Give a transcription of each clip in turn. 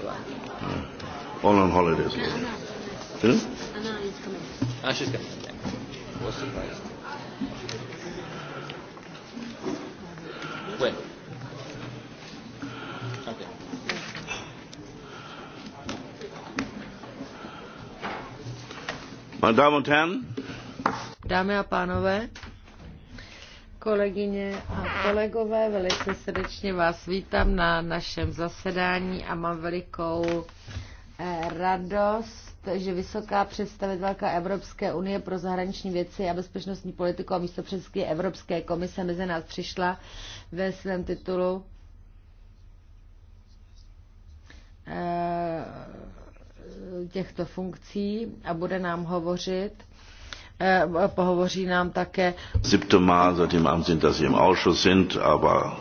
Yeah. Hmm. All on holidays. Yeah. Anna. Anna is coming. Ah, she's coming. Yeah. When? Dámy a pánové, kolegyně a kolegové, velice srdečně vás vítám na našem zasedání a mám velikou eh, radost, že vysoká představitelka Evropské unie pro zahraniční věci a bezpečnostní politiku a místopředsedky Evropské komise mezi nás přišla ve svém titulu eh, těchto funkcí a bude nám hovořit Eh, pohovoří nám také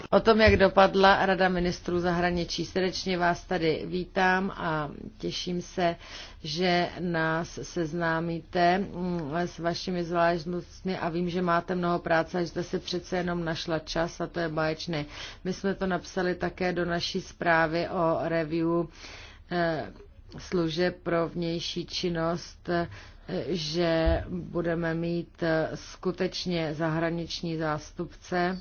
o tom, jak dopadla Rada ministrů zahraničí. Srdečně vás tady vítám a těším se, že nás seznámíte mm, s vašimi zvláštnostmi a vím, že máte mnoho práce, že jste si přece jenom našla čas a to je báječné. My jsme to napsali také do naší zprávy o review eh, služeb pro vnější činnost že budeme mít eh, skutečně zahraniční zástupce,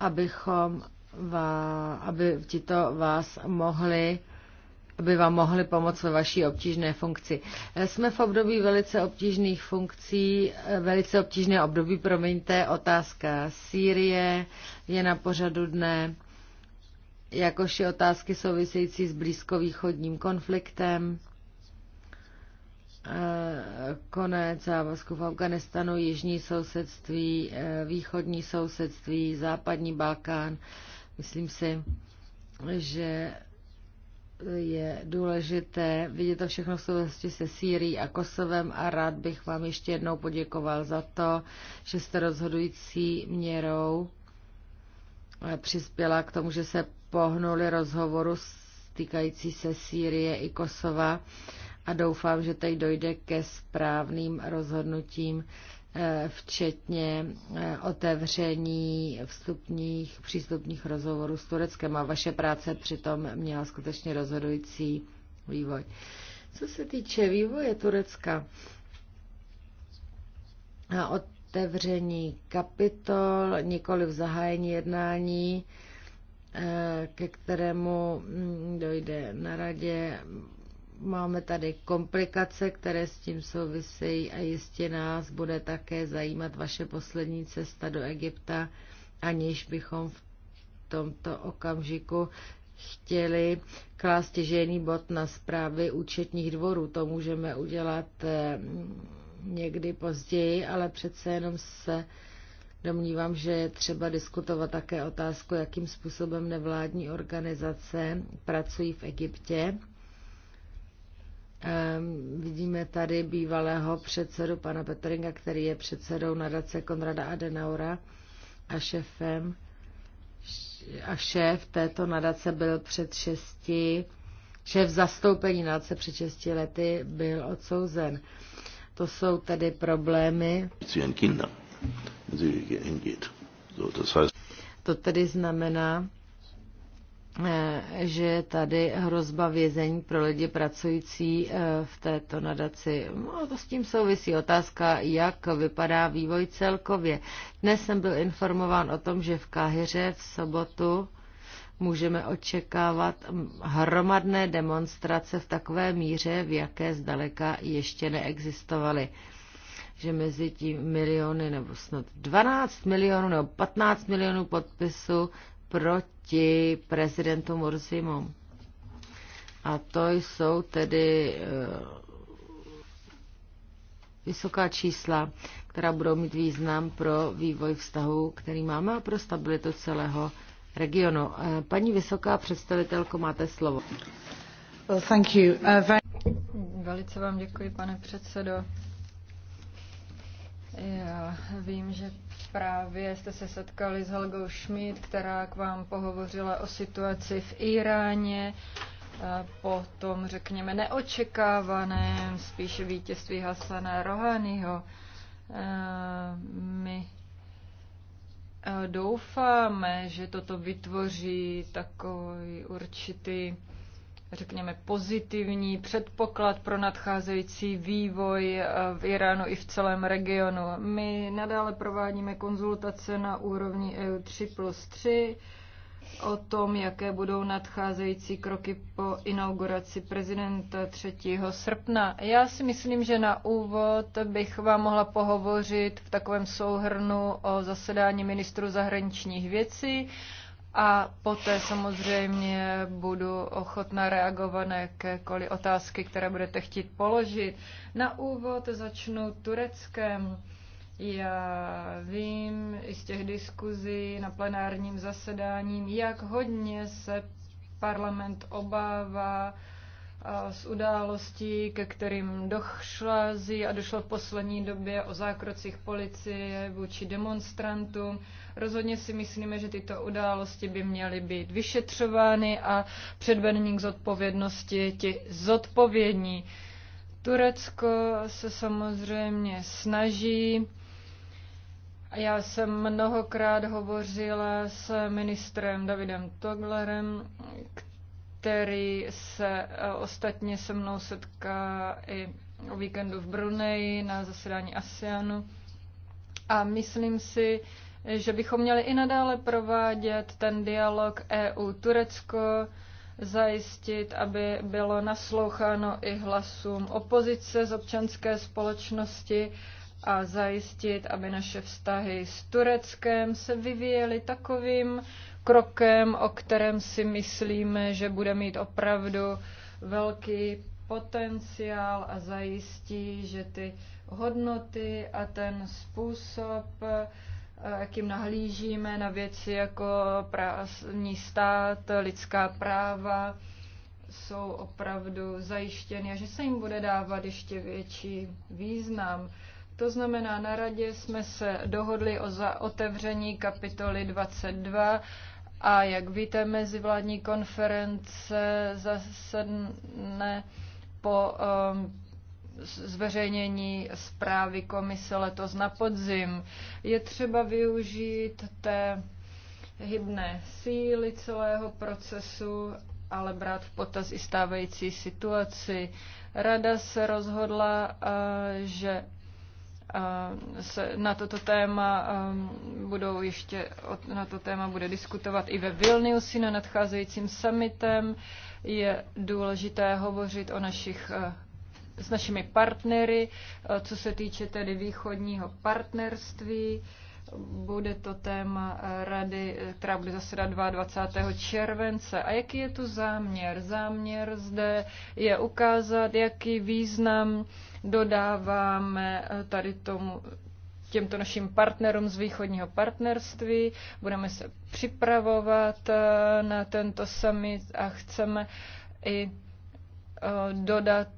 abychom vá, aby tito vás mohli aby vám mohli pomoct ve vaší obtížné funkci. Eh, jsme v období velice obtížných funkcí, eh, velice obtížné období, promiňte, otázka Sýrie je na pořadu dne jakož i otázky související s blízkovýchodním konfliktem, e, konec závazku v Afganistanu, jižní sousedství, e, východní sousedství, západní Balkán. Myslím si, že je důležité vidět to všechno v souvislosti se Sýrií a Kosovem a rád bych vám ještě jednou poděkoval za to, že jste rozhodující měrou e, přispěla k tomu, že se pohnuli rozhovoru týkající se Sýrie i Kosova a doufám, že teď dojde ke správným rozhodnutím, eh, včetně eh, otevření vstupních přístupních rozhovorů s Tureckem a vaše práce přitom měla skutečně rozhodující vývoj. Co se týče vývoje Turecka a otevření kapitol, nikoli v zahájení jednání, Eh, ke kterému mm, dojde na radě. Máme tady komplikace, které s tím souvisejí a jistě nás bude také zajímat vaše poslední cesta do Egypta, aniž bychom v tomto okamžiku chtěli klást těžený bod na zprávy účetních dvorů. To můžeme udělat eh, někdy později, ale přece jenom se Domnívám, že je třeba diskutovat také otázku, jakým způsobem nevládní organizace pracují v Egyptě. Ehm, vidíme tady bývalého předsedu pana Petringa, který je předsedou nadace Konrada Adenaura a šéfem. A šéf této nadace byl před šesti, šéf zastoupení nadace před šesti lety byl odsouzen. To jsou tedy problémy to tedy znamená, eh, že je tady hrozba vězení pro lidi pracující eh, v této nadaci. No, to s tím souvisí otázka, jak vypadá vývoj celkově. Dnes jsem byl informován o tom, že v Káhyře v sobotu můžeme očekávat hromadné demonstrace v takové míře, v jaké zdaleka ještě neexistovaly že mezi tím miliony nebo snad 12 milionů nebo 15 milionů podpisů proti prezidentu Morzimu. A to jsou tedy eh, vysoká čísla, která budou mít význam pro vývoj vztahu, který máme a pro stabilitu celého regionu. Eh, paní vysoká představitelko, máte slovo. Well, thank you. Uh, very... Velice vám děkuji, pane předsedo. Já vím, že právě jste se setkali s Helgou Schmidt, která k vám pohovořila o situaci v Iráně po tom, řekněme, neočekávaném spíše vítězství Hasana Rohaniho. My doufáme, že toto vytvoří takový určitý řekněme, pozitivní předpoklad pro nadcházející vývoj eh, v Iránu i v celém regionu. My nadále provádíme konzultace na úrovni EU 3 plus 3 o tom, jaké budou nadcházející kroky po inauguraci prezidenta 3. srpna. Já si myslím, že na úvod bych vám mohla pohovořit v takovém souhrnu o zasedání ministru zahraničních věcí, a poté samozřejmě budu ochotna reagovat na jakékoliv otázky, které budete chtít položit. Na úvod začnu tureckém. Já vím i z těch diskuzí na plenárním zasedáním, jak hodně se parlament obává z událostí, ke kterým dochází a došlo v poslední době o zákrocích policie vůči demonstrantům. Rozhodně si myslíme, že tyto události by měly být vyšetřovány a předvedení k zodpovědnosti ti zodpovědní. Turecko se samozřejmě snaží. Já jsem mnohokrát hovořila s ministrem Davidem Toglerem, který který se eh, ostatně se mnou setká i o víkendu v Bruneji na zasedání ASEANu. A myslím si, že bychom měli i nadále provádět ten dialog EU-Turecko, zajistit, aby bylo nasloucháno i hlasům opozice z občanské společnosti a zajistit, aby naše vztahy s Tureckem se vyvíjely takovým krokem, o kterém si myslíme, že bude mít opravdu velký potenciál a zajistí, že ty hodnoty a ten způsob, eh, jakým nahlížíme na věci jako právní stát, lidská práva, jsou opravdu zajištěny a že se jim bude dávat ještě větší význam. To znamená, na radě jsme se dohodli o otevření kapitoly 22 a jak víte, mezivládní konference zasedne po um, zveřejnění zprávy komise letos na podzim. Je třeba využít té hybné síly celého procesu, ale brát v potaz i stávající situaci. Rada se rozhodla, uh, že se na toto téma ehm, budou ještě na to téma bude diskutovat i ve Vilniusi na nadcházejícím summitem. Je důležité hovořit o našich eh, s našimi partnery, eh, co se týče tedy východního partnerství. Bude to téma eh, rady, eh, která bude zasedat 22. července. A jaký je tu záměr? Záměr zde je ukázat, jaký význam dodáváme eh, tady tomu, těmto našim partnerům z východního partnerství. Budeme se připravovat na tento summit a chceme i dodat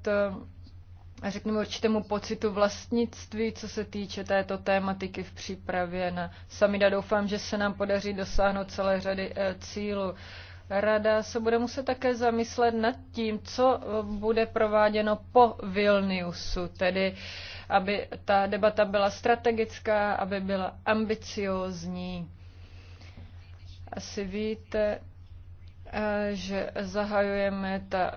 řekněme, určitému pocitu vlastnictví, co se týče této tématiky v přípravě na samida. Doufám, že se nám podaří dosáhnout celé řady eh, cílů. Rada se bude muset také zamyslet nad tím, co eh, bude prováděno po Vilniusu, tedy aby ta debata byla strategická, aby byla ambiciózní. Asi víte, Eh, že zahajujeme ta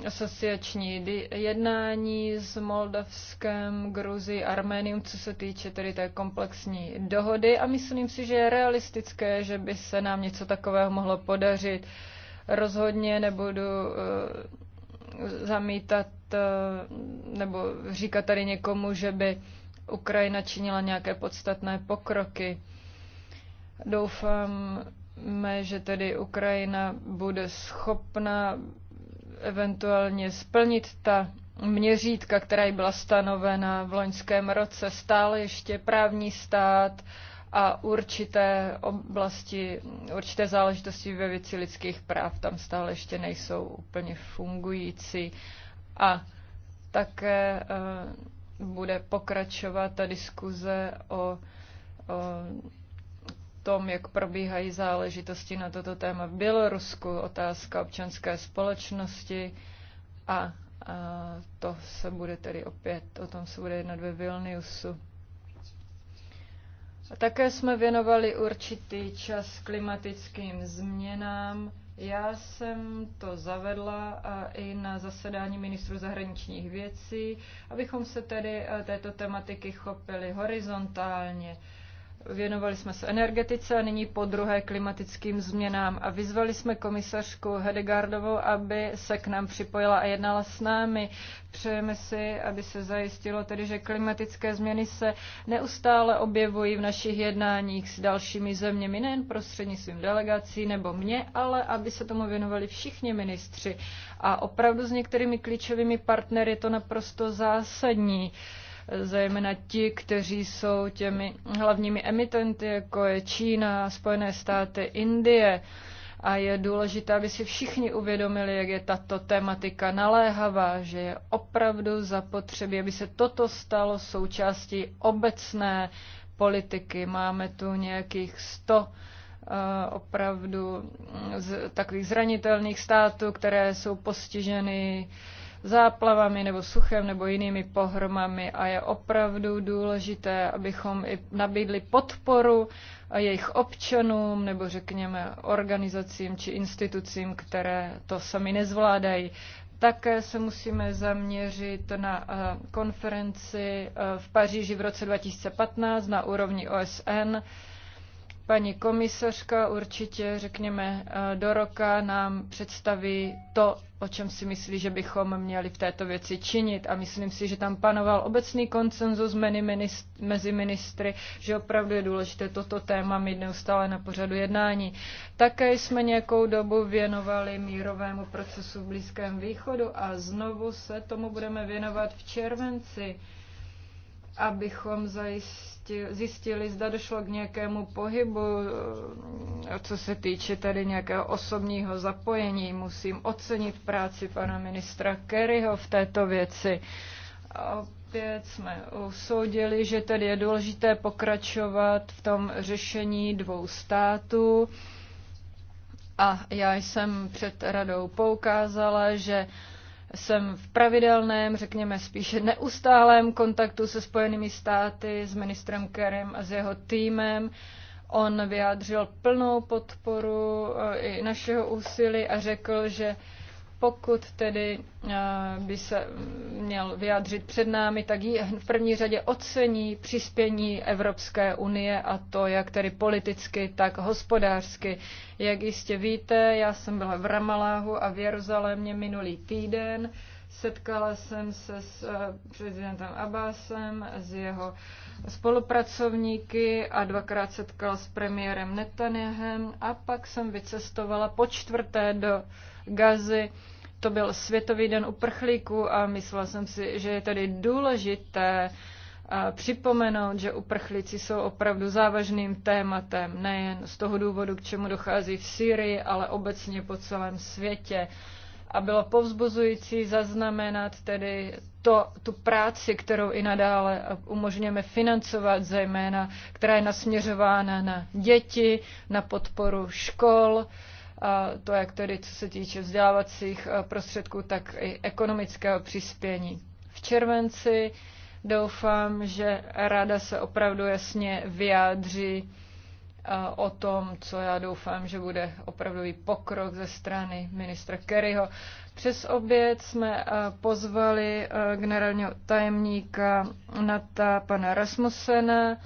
eh, asociační jednání s Moldavskem, Gruzí, Arménium, co se týče tedy té komplexní dohody a myslím si, že je realistické, že by se nám něco takového mohlo podařit. Rozhodně nebudu eh, zamítat nebo říkat tady někomu, že by Ukrajina činila nějaké podstatné pokroky. Doufám, že tedy Ukrajina bude schopna eventuálně splnit ta měřítka, která jí byla stanovena v loňském roce, stále ještě právní stát a určité oblasti, určité záležitosti ve věci lidských práv tam stále ještě nejsou úplně fungující. A také eh, bude pokračovat ta diskuze o, o tom, jak probíhají záležitosti na toto téma v Bělorusku, otázka občanské společnosti a, a to se bude tedy opět, o tom se bude jednat ve Vilniusu. A také jsme věnovali určitý čas klimatickým změnám. Já jsem to zavedla a i na zasedání ministru zahraničních věcí, abychom se tedy eh, této tematiky chopili horizontálně. Věnovali jsme se energetice a nyní po druhé klimatickým změnám a vyzvali jsme komisařku Hedegardovou, aby se k nám připojila a jednala s námi. Přejeme si, aby se zajistilo tedy, že klimatické změny se neustále objevují v našich jednáních s dalšími zeměmi, nejen prostřednictvím delegací nebo mě, ale aby se tomu věnovali všichni ministři. A opravdu s některými klíčovými partnery je to naprosto zásadní. Uh, zejména ti, kteří jsou těmi hlavními emitenty, jako je Čína, Spojené státy, Indie. A je důležité, aby si všichni uvědomili, jak je tato tematika naléhavá, že je opravdu zapotřebí, aby se toto stalo součástí obecné politiky. Máme tu nějakých 100 eh, opravdu z takových zranitelných států, které jsou postiženy záplavami nebo suchem nebo jinými pohromami a je opravdu důležité, abychom i nabídli podporu jejich občanům nebo řekněme organizacím či institucím, které to sami nezvládají. Také se musíme zaměřit na eh, konferenci eh, v Paříži v roce 2015 na úrovni OSN, Paní komisařka určitě, řekněme, eh, do roka nám představí to, o čem si myslí, že bychom měli v této věci činit. A myslím si, že tam panoval obecný konsenzus mezi ministry, že opravdu je důležité toto téma mít neustále na pořadu jednání. Také jsme nějakou dobu věnovali mírovému procesu v Blízkém východu a znovu se tomu budeme věnovat v červenci abychom zjistili, zda došlo k nějakému pohybu, eh, co se týče tady nějakého osobního zapojení. Musím ocenit práci pana ministra Kerryho v této věci. Opět jsme usoudili, že tedy je důležité pokračovat v tom řešení dvou států. A já jsem před radou poukázala, že uh, jsem v pravidelném, řekněme spíše neustálém kontaktu se Spojenými státy, s ministrem Kerem a s jeho týmem. On vyjádřil plnou podporu eh, i našeho úsilí a řekl, že pokud tedy eh, by se měl vyjádřit před námi, tak ji v první řadě ocení přispění Evropské unie a to jak tedy politicky, tak hospodářsky. Jak jistě víte, já jsem byla v Ramaláhu a v Jeruzalémě minulý týden. Setkala jsem se s eh, prezidentem Abbasem, s jeho spolupracovníky a dvakrát setkala s premiérem Netanyahem a pak jsem vycestovala po čtvrté do Gazy. To byl Světový den uprchlíků a myslela jsem si, že je tady důležité eh, připomenout, že uprchlíci jsou opravdu závažným tématem, nejen z toho důvodu, k čemu dochází v Syrii, ale obecně po celém světě. A bylo povzbuzující zaznamenat tedy to, tu práci, kterou i nadále umožňujeme financovat, zejména která je nasměřována na děti, na podporu škol, to jak tedy co se týče vzdělávacích eh, prostředků, tak i ekonomického přispění. V červenci doufám, že rada se opravdu jasně vyjádří eh, o tom, co já doufám, že bude opravdový pokrok ze strany ministra Kerryho. Přes oběd jsme eh, pozvali generálního tajemníka NATO pana Rasmusena.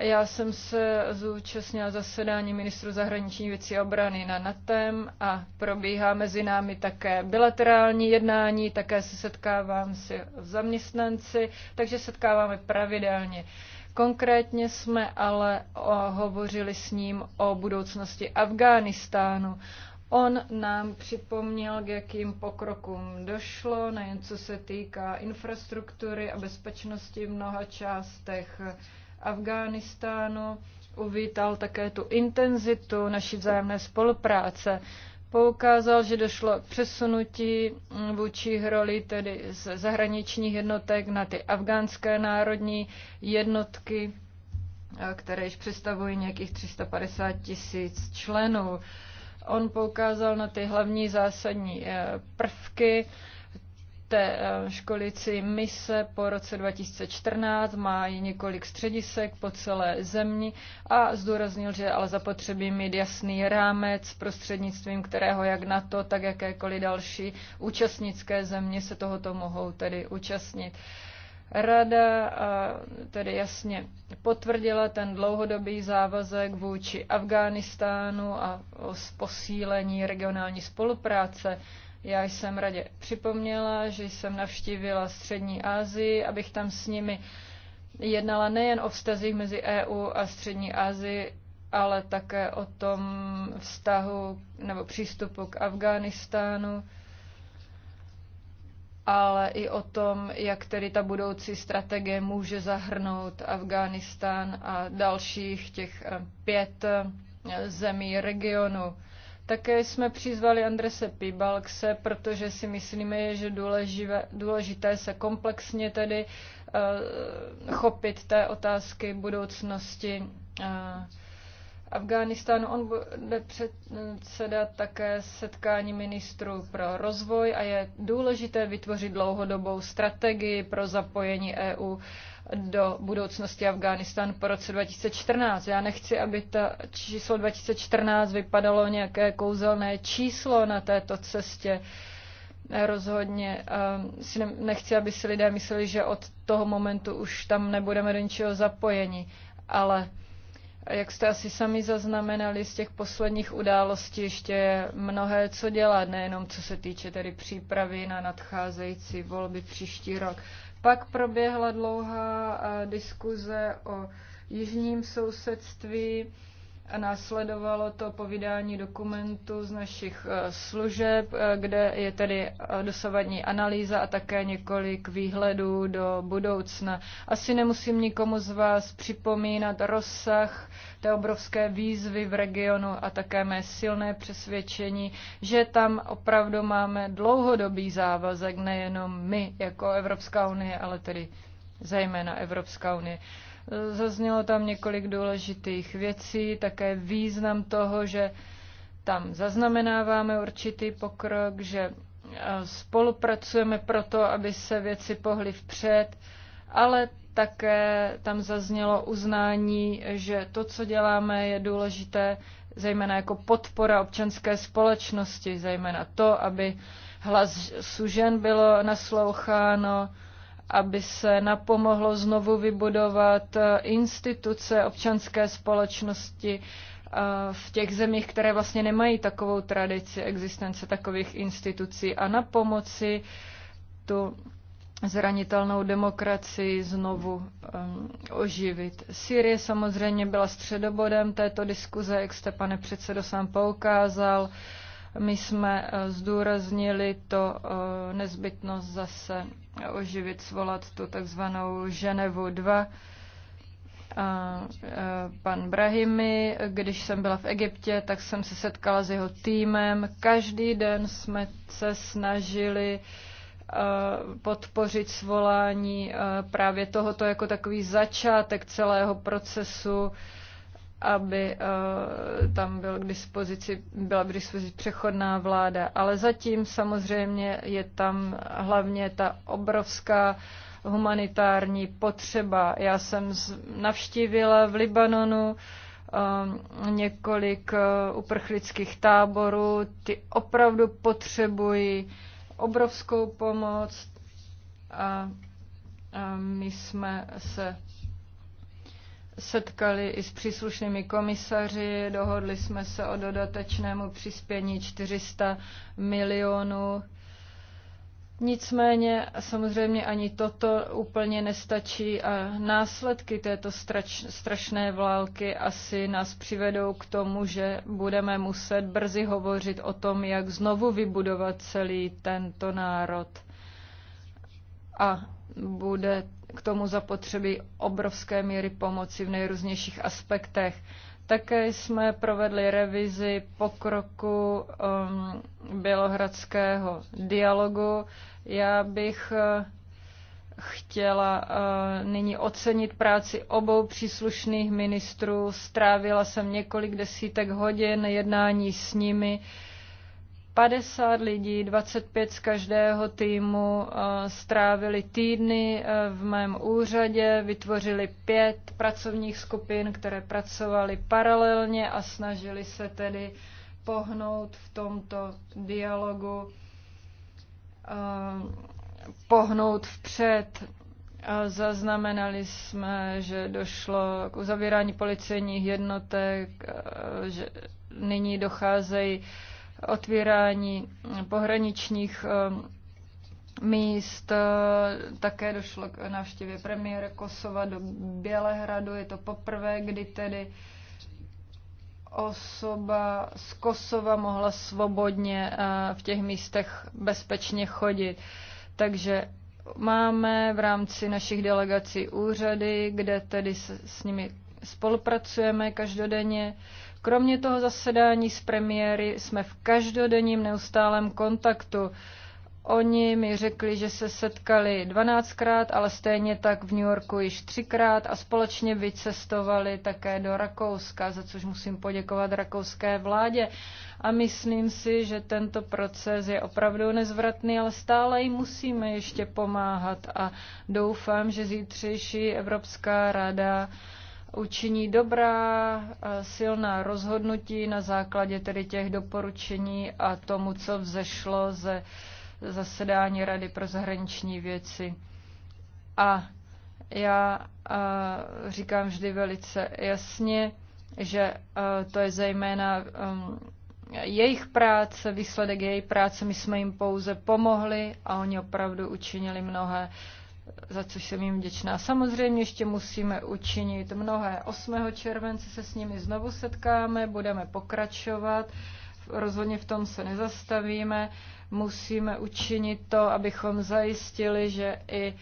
Já jsem se zúčastnila zasedání ministru zahraniční věcí a obrany na NATEM a probíhá mezi námi také bilaterální jednání, také se setkávám s zaměstnanci, takže setkáváme pravidelně. Konkrétně jsme ale hovořili s ním o budoucnosti Afghánistánu. On nám připomněl, k jakým pokrokům došlo, nejen co se týká infrastruktury a bezpečnosti v mnoha částech Afghánistánu. Uvítal také tu intenzitu naší vzájemné spolupráce. Poukázal, že došlo k přesunutí vůči roli tedy z zahraničních jednotek na ty afgánské národní jednotky, které již představují nějakých 350 tisíc členů. On poukázal na ty hlavní zásadní eh, prvky, té eh, školici mise po roce 2014, má i několik středisek po celé zemi a zdůraznil, že ale zapotřebí mít jasný rámec, prostřednictvím kterého jak na to, tak jakékoliv další účastnické země se tohoto mohou tedy účastnit. Rada eh, tedy jasně potvrdila ten dlouhodobý závazek vůči Afghánistánu a o posílení regionální spolupráce. Já jsem radě připomněla, že jsem navštívila Střední Asii, abych tam s nimi jednala nejen o vztazích mezi EU a Střední Asii, ale také o tom vztahu nebo přístupu k Afghánistánu, ale i o tom, jak tedy ta budoucí strategie může zahrnout Afghánistán a dalších těch eh, pět eh, zemí regionu. Také jsme přizvali Andrese Pibalkse, protože si myslíme, že důležité, důležité se komplexně tedy eh, chopit té otázky budoucnosti eh, Afghánistánu. On bude předsedat také setkání ministrů pro rozvoj a je důležité vytvořit dlouhodobou strategii pro zapojení EU do budoucnosti Afghánistánu po roce 2014. Já nechci, aby to číslo 2014 vypadalo nějaké kouzelné číslo na této cestě. Rozhodně ehm, si nechci, aby si lidé mysleli, že od toho momentu už tam nebudeme do ničeho zapojeni. Ale jak jste asi sami zaznamenali z těch posledních událostí, ještě je mnohé co dělat, nejenom co se týče tedy přípravy na nadcházející volby příští rok. Pak proběhla dlouhá eh, diskuze o jižním sousedství, a následovalo to povídání dokumentu z našich eh, služeb, eh, kde je tedy eh, dosavadní analýza a také několik výhledů do budoucna. Asi nemusím nikomu z vás připomínat rozsah té obrovské výzvy v regionu a také mé silné přesvědčení, že tam opravdu máme dlouhodobý závazek, nejenom my jako Evropská unie, ale tedy zejména Evropská unie. Zaznělo tam několik důležitých věcí, také význam toho, že tam zaznamenáváme určitý pokrok, že e, spolupracujeme proto, aby se věci pohly vpřed, ale také tam zaznělo uznání, že to, co děláme, je důležité zejména jako podpora občanské společnosti, zejména to, aby hlas sužen bylo nasloucháno, aby se napomohlo znovu vybudovat eh, instituce občanské společnosti eh, v těch zemích, které vlastně nemají takovou tradici existence takových institucí a na pomoci tu zranitelnou demokracii znovu um, oživit. Syrie samozřejmě byla středobodem této diskuze, jak jste, pane předsedo, sám poukázal. Uh, my jsme eh, zdůraznili to eh, nezbytnost zase oživit, svolat tu takzvanou Ženevu 2, eh, pan Brahimi. Když jsem byla v Egyptě, tak jsem se setkala s jeho týmem. Každý den jsme se snažili podpořit svolání právě tohoto jako takový začátek celého procesu aby eh, tam byl k dispozici, byla k dispozici přechodná vláda. Ale zatím samozřejmě je tam hlavně ta obrovská humanitární potřeba. Já jsem navštívila v Libanonu eh, několik eh, uprchlických táborů. Ty opravdu potřebují obrovskou pomoc a, a my jsme se setkali i s příslušnými komisaři, dohodli jsme se o dodatečnému přispění 400 milionů. Nicméně samozřejmě ani toto úplně nestačí a následky této strač, strašné války asi nás přivedou k tomu, že budeme muset brzy hovořit o tom, jak znovu vybudovat celý tento národ a bude k tomu zapotřebí obrovské míry pomoci v nejrůznějších aspektech. Také jsme provedli revizi pokroku um, bělohradského dialogu. Já bych uh, chtěla uh, nyní ocenit práci obou příslušných ministrů. Strávila jsem několik desítek hodin jednání s nimi. Uh, 50 lidí, 25 z každého týmu eh, strávili týdny eh, v mém úřadě, vytvořili pět pracovních skupin, které pracovaly paralelně a snažili se tedy pohnout v tomto dialogu, eh, pohnout vpřed. Zaznamenali jsme, že došlo k uzavírání policejních jednotek, že nyní docházejí otvírání pohraničních eh, míst. Eh, také došlo k návštěvě premiéra Kosova do Bělehradu. Je to poprvé, kdy tedy osoba z Kosova mohla svobodně eh, v těch místech bezpečně chodit. Takže máme v rámci našich delegací úřady, kde tedy s, s nimi spolupracujeme každodenně. Kromě toho zasedání s premiéry jsme v každodenním neustálém kontaktu. Oni mi řekli, že se setkali 12krát, ale stejně tak v New Yorku již třikrát a společně vycestovali také do Rakouska, za což musím poděkovat rakouské vládě. A myslím si, že tento proces je opravdu nezvratný, ale stále jim musíme ještě pomáhat a doufám, že zítřejší Evropská rada učiní dobrá, eh, silná rozhodnutí na základě tedy těch doporučení a tomu, co vzešlo ze zasedání Rady pro zahraniční věci. A já eh, říkám vždy velice jasně, že eh, to je zejména jejich práce, výsledek jejich práce, my jsme jim pouze pomohli a oni opravdu učinili mnohé za což jsem jim vděčná. Samozřejmě ještě musíme učinit mnohé. 8. července se s nimi znovu setkáme, budeme pokračovat, rozhodně v tom se nezastavíme. Musíme učinit to, abychom zajistili, že i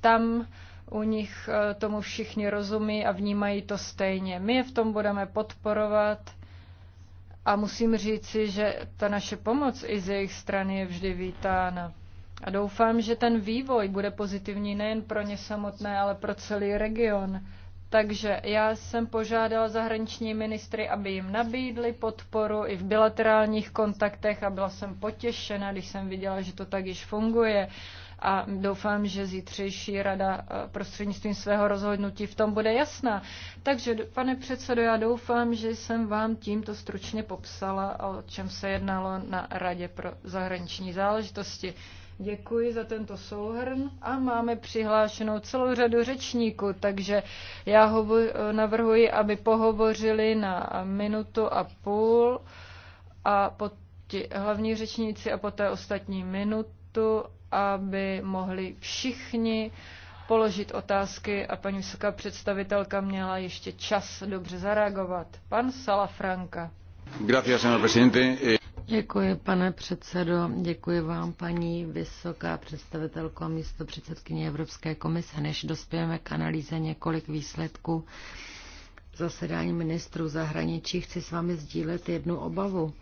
tam u nich e, tomu všichni rozumí a vnímají to stejně. My je v tom budeme podporovat a musím říci, že ta naše pomoc i z jejich strany je vždy vítána. A doufám, že ten vývoj bude pozitivní nejen pro ně samotné, ale pro celý region. Takže já jsem požádala zahraniční ministry, aby jim nabídli podporu i v bilaterálních kontaktech a byla jsem potěšena, když jsem viděla, že to tak již funguje. A doufám, že zítřejší rada eh, prostřednictvím svého rozhodnutí v tom bude jasná. Takže, pane předsedo, já doufám, že jsem vám tímto stručně popsala, o čem se jednalo na Radě pro zahraniční záležitosti. Děkuji za tento souhrn a máme přihlášenou celou řadu řečníků, takže já hovo- navrhuji, aby pohovořili na minutu a půl a pot- ti hlavní řečníci a poté ostatní minutu, aby mohli všichni položit otázky a paní vysoká představitelka měla ještě čas dobře zareagovat. Pan Salafranka. Gracias, señor presidente. Eh, Děkuji, pane předsedo. Děkuji vám, paní vysoká představitelko a místo předsedkyně Evropské komise. Než dospějeme k analýze několik výsledků zasedání ministrů zahraničí, chci s vámi sdílet jednu obavu.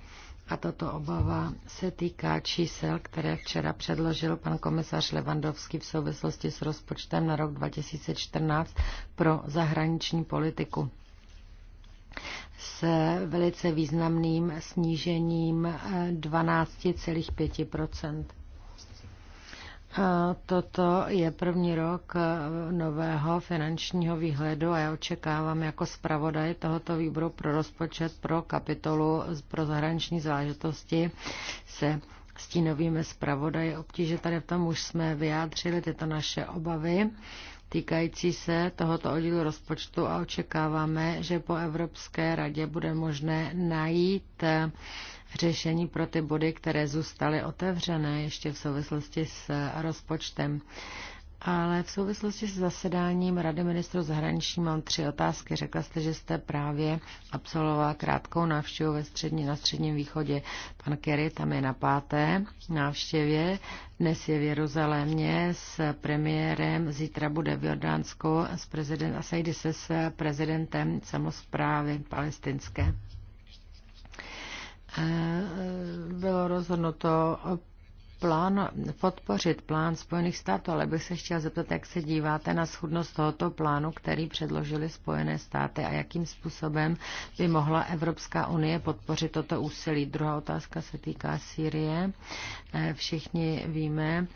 A tato obava se týká čísel, které včera předložil pan komisař Levandovský v souvislosti s rozpočtem na rok 2014 pro zahraniční politiku s velice významným snížením 12,5 eh, eh, Toto je první rok eh, nového finančního výhledu a já očekávám jako zpravodaj tohoto výboru pro rozpočet pro kapitolu pro zahraniční záležitosti se stínovými zpravodaj obtíže. Tady v tom už jsme vyjádřili tyto naše obavy týkající se tohoto oddílu rozpočtu a očekáváme, že po Evropské radě bude možné najít eh, řešení pro ty body, které zůstaly otevřené ještě v souvislosti s rozpočtem. Ale v souvislosti s zasedáním Rady ministrů zahraničí mám tři otázky. Řekla jste, že jste právě absolvovala krátkou návštěvu ve střední, na středním východě. Pan Kerry tam je na páté návštěvě. Dnes je v Jeruzalémě s premiérem, zítra bude v Jordánsku s prezident, a sejde se s prezidentem samozprávy palestinské eh, bylo rozhodnuto plán, podpořit plán Spojených států, ale bych se chtěla zeptat, jak se díváte na schudnost tohoto plánu, který předložili Spojené státy a jakým způsobem by mohla Evropská unie podpořit toto úsilí. Druhá otázka se týká Sýrie. Eh, všichni víme,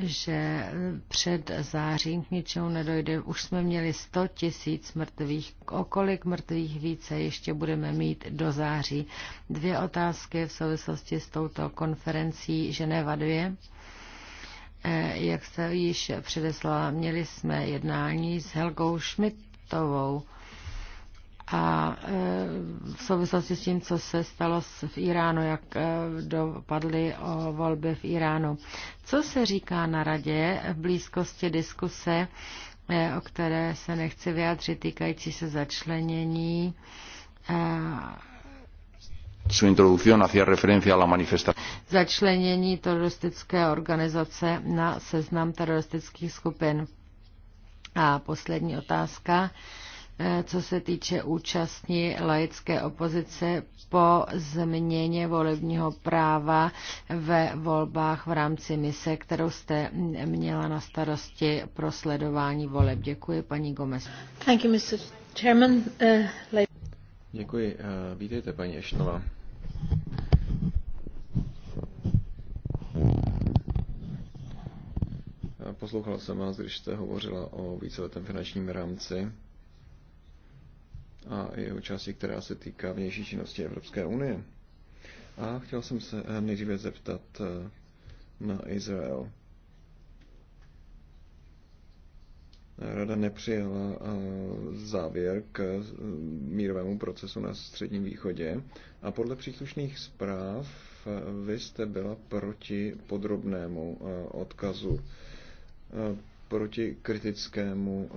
že před zářím k ničemu nedojde. Už jsme měli 100 tisíc mrtvých. O kolik mrtvých více ještě budeme mít do září? Dvě otázky v souvislosti s touto konferencí Ženeva 2. Eh, jak se již předeslala, měli jsme jednání s Helgou Schmidtovou a e, v souvislosti s tím, co se stalo v Iránu, jak e, dopadly o volby v Iránu. Co se říká na radě v blízkosti diskuse, e, o které se nechci vyjádřit, týkající se začlenění su introducción hacía referencia a la manifestación. Začlenění teroristické organizace na seznam teroristických skupin. A poslední otázka. Eh, Eh, co se týče účastní laické opozice po změně volebního práva ve volbách v rámci mise, kterou jste měla na starosti pro sledování voleb. Děkuji, paní Gomez. Thank you, Mr. Chairman. Uh, Děkuji. Eh, vítejte, paní Ešnova. Poslouchal jsem vás, když jste hovořila o víceletém finančním rámci a jeho části, která se týká vnější činnosti Evropské unie. A chtěl jsem se eh, nejdříve zeptat eh, na Izrael. Rada nepřijala eh, závěr k mírovému procesu na Středním východě a podle příslušných zpráv vy jste byla proti podrobnému odkazu, proti kritickému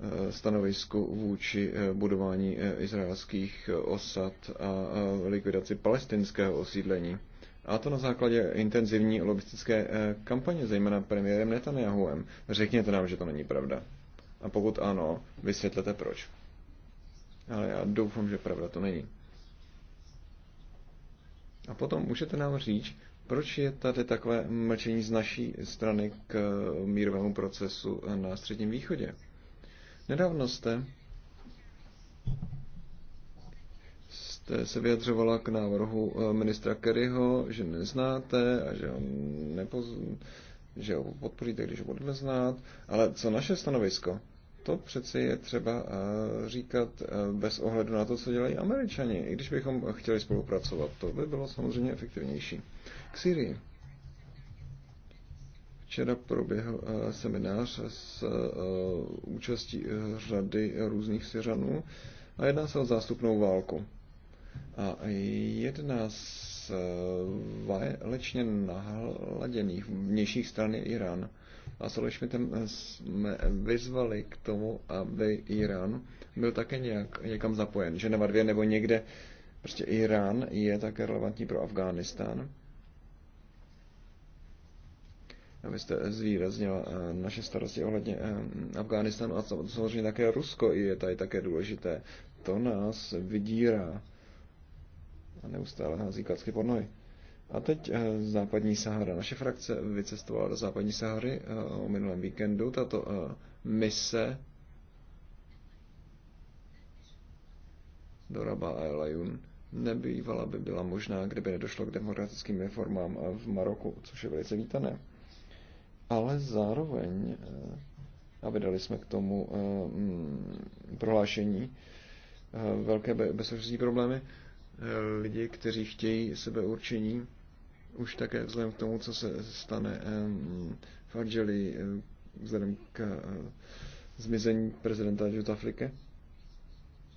Eh, stanovisku vůči eh, budování eh, izraelských osad a likvidaci palestinského osídlení. A to na základě intenzivní lobistické kampaně, zejména premiérem Netanyahuem. Řekněte nám, že to není pravda. A pokud ano, vysvětlete proč. Ale já doufám, že pravda to není. A potom můžete nám říct, proč je tady takové mlčení z naší strany k mírovému procesu na Středním východě? Nedávno jste, jste se vyjadřovala k návrhu eh, ministra Kerryho, že neznáte a že ho, nepoz, že ho podpoříte, když ho budeme znát. Ale co naše stanovisko? To přeci je třeba eh, říkat eh, bez ohledu na to, co dělají američani. I když bychom chtěli spolupracovat, to by bylo samozřejmě efektivnější. K Syrii. Včera proběhl eh, seminář s eh, účastí eh, řady různých Syřanů a jedná se o zástupnou válku. A jedna z válečně nahladěných vnějších stran je Irán. A s Olešmitem jsme vyzvali k tomu, aby Irán byl také nějak, někam zapojen. že dvě nebo někde. Prostě Irán je také relevantní pro Afghánistán abyste zvýraznil eh, naše starosti ohledně eh, Afghánistánu a samozřejmě také Rusko je tady také důležité. To nás vydírá a neustále hází klacky pod nohy. A teď eh, západní Sahara. Naše frakce vycestovala do západní Sahary o minulém víkendu. Tato mise do Rabat a Elayun nebývala by byla možná, kdyby nedošlo k demokratickým reformám v Maroku, což je velice vítané ale zároveň, eh, a vydali jsme k tomu eh, mm, prohlášení, eh, velké bezpečnostní problémy, lidi, kteří chtějí sebeurčení, už také vzhledem k tomu, co se stane mm, v Argeli, vzhledem k zmizení prezidenta Jutafrike.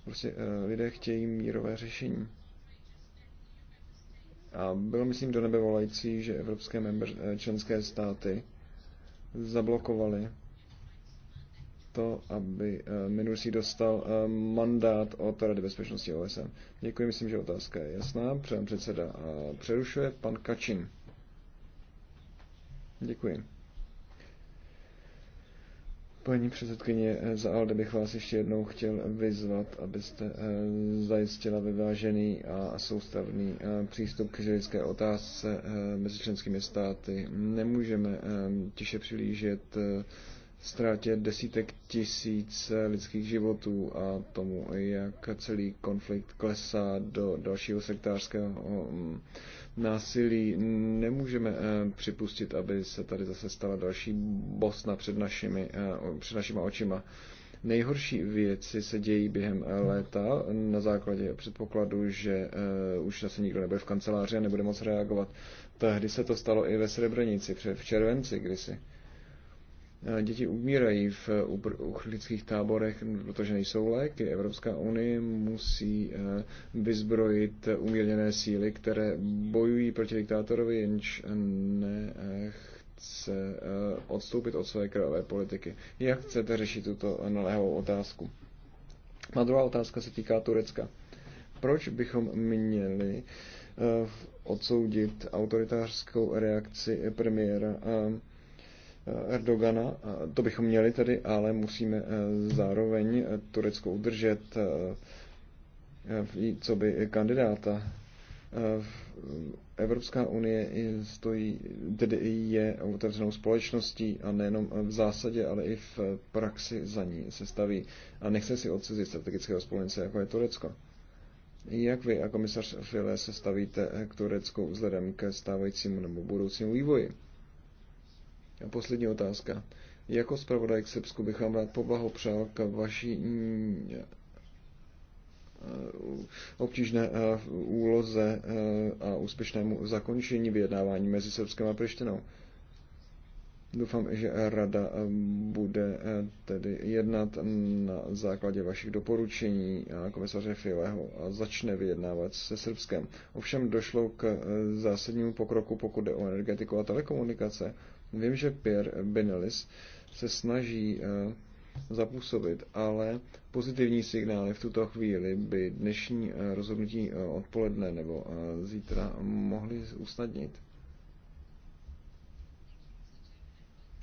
Prostě lidé chtějí mírové řešení. A bylo, myslím, do nebe volající, že evropské member, členské státy zablokovali to, aby eh, Minursi dostal eh, mandát od Rady bezpečnosti OSN. Děkuji, myslím, že otázka je jasná. Předseda eh, přerušuje pan Kačin. Děkuji. Paní předsedkyně, eh, za Alde bych vás ještě jednou chtěl vyzvat, abyste eh, zajistila vyvážený a soustavný eh, přístup k židovské otázce mezi členskými státy. Nemůžeme tiše přilížet ztrátě desítek tisíc lidských životů a tomu, jak celý konflikt klesá do dalšího sektářského mm, násilí. Nemůžeme eh, připustit, aby se tady zase stala další Bosna před, našimi, eh, před našimi očima. Nejhorší věci se dějí během eh, léta na základě předpokladu, že už zase nikdo nebude v kanceláři a nebude moc reagovat. Tehdy se to stalo i ve Srebrenici, v červenci kdysi Eh, děti umírají v uchlických táborech, protože nejsou léky. Evropská unie musí eh, vyzbrojit umírněné síly, které bojují proti diktátorovi, jenž nechce eh, odstoupit od své krajové politiky. Jak chcete řešit tuto naléhavou otázku? A druhá otázka se týká Turecka. Proč bychom měli odsoudit autoritářskou reakci premiéra? Eh, Erdogana. To bychom měli tedy, ale musíme eh, zároveň eh, Turecko udržet co by kandidáta. Evropská unie stojí, tedy je otevřenou společností a nejenom v zásadě, ale i v praxi za ní se staví a nechce si odcizit strategického spolence, jako je Turecko. Jak vy a komisař File se stavíte k Turecku vzhledem ke stávajícímu nebo budoucímu vývoji? A poslední otázka. Jako zpravodaj k Srbsku bych vám rád poblahopřál k vaší eh, obtížné eh, úloze eh, a úspěšnému zakončení vyjednávání mezi Srbskem a Prištinou. Doufám, že rada bude tedy jednat na základě vašich doporučení a komisaře Fileho a začne vyjednávat se Srbskem. Ovšem došlo k zásadnímu pokroku, pokud jde o energetiku a telekomunikace. Vím, že Pierre Benelis se snaží eh, zapůsobit, ale pozitivní signály v tuto chvíli by dnešní eh, rozhodnutí eh, odpoledne nebo zítra mohly usnadnit.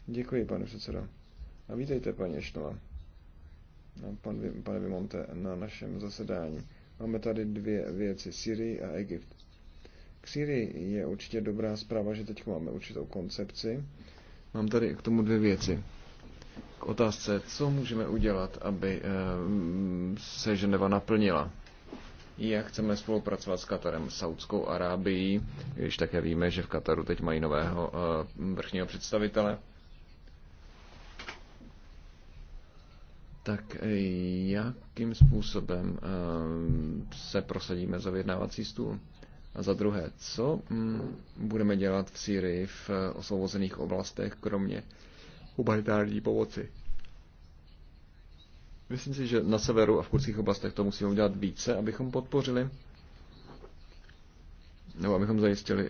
Děkuji, pane předsedo. A vítejte, paní Ešnova, pan, pane Vimonte, na našem zasedání. Máme tady dvě věci, Syrii a Egypt. K Syrii je určitě dobrá zpráva, že teď máme určitou koncepci. Mám tady k tomu dvě věci. K otázce, co můžeme udělat, aby eh, se Ženeva naplnila jak chceme spolupracovat s Katarem, Saudskou Arábií, když také víme, že v Kataru teď mají nového eh, vrchního představitele. Tak eh, jakým způsobem se prosadíme za vyjednávací stůl? A za druhé, co mm, budeme dělat v Sýrii v eh, osvobozených oblastech, kromě humanitární pomoci? Myslím si, že na severu a v kurdských oblastech to musíme udělat více, abychom podpořili nebo abychom zajistili eh,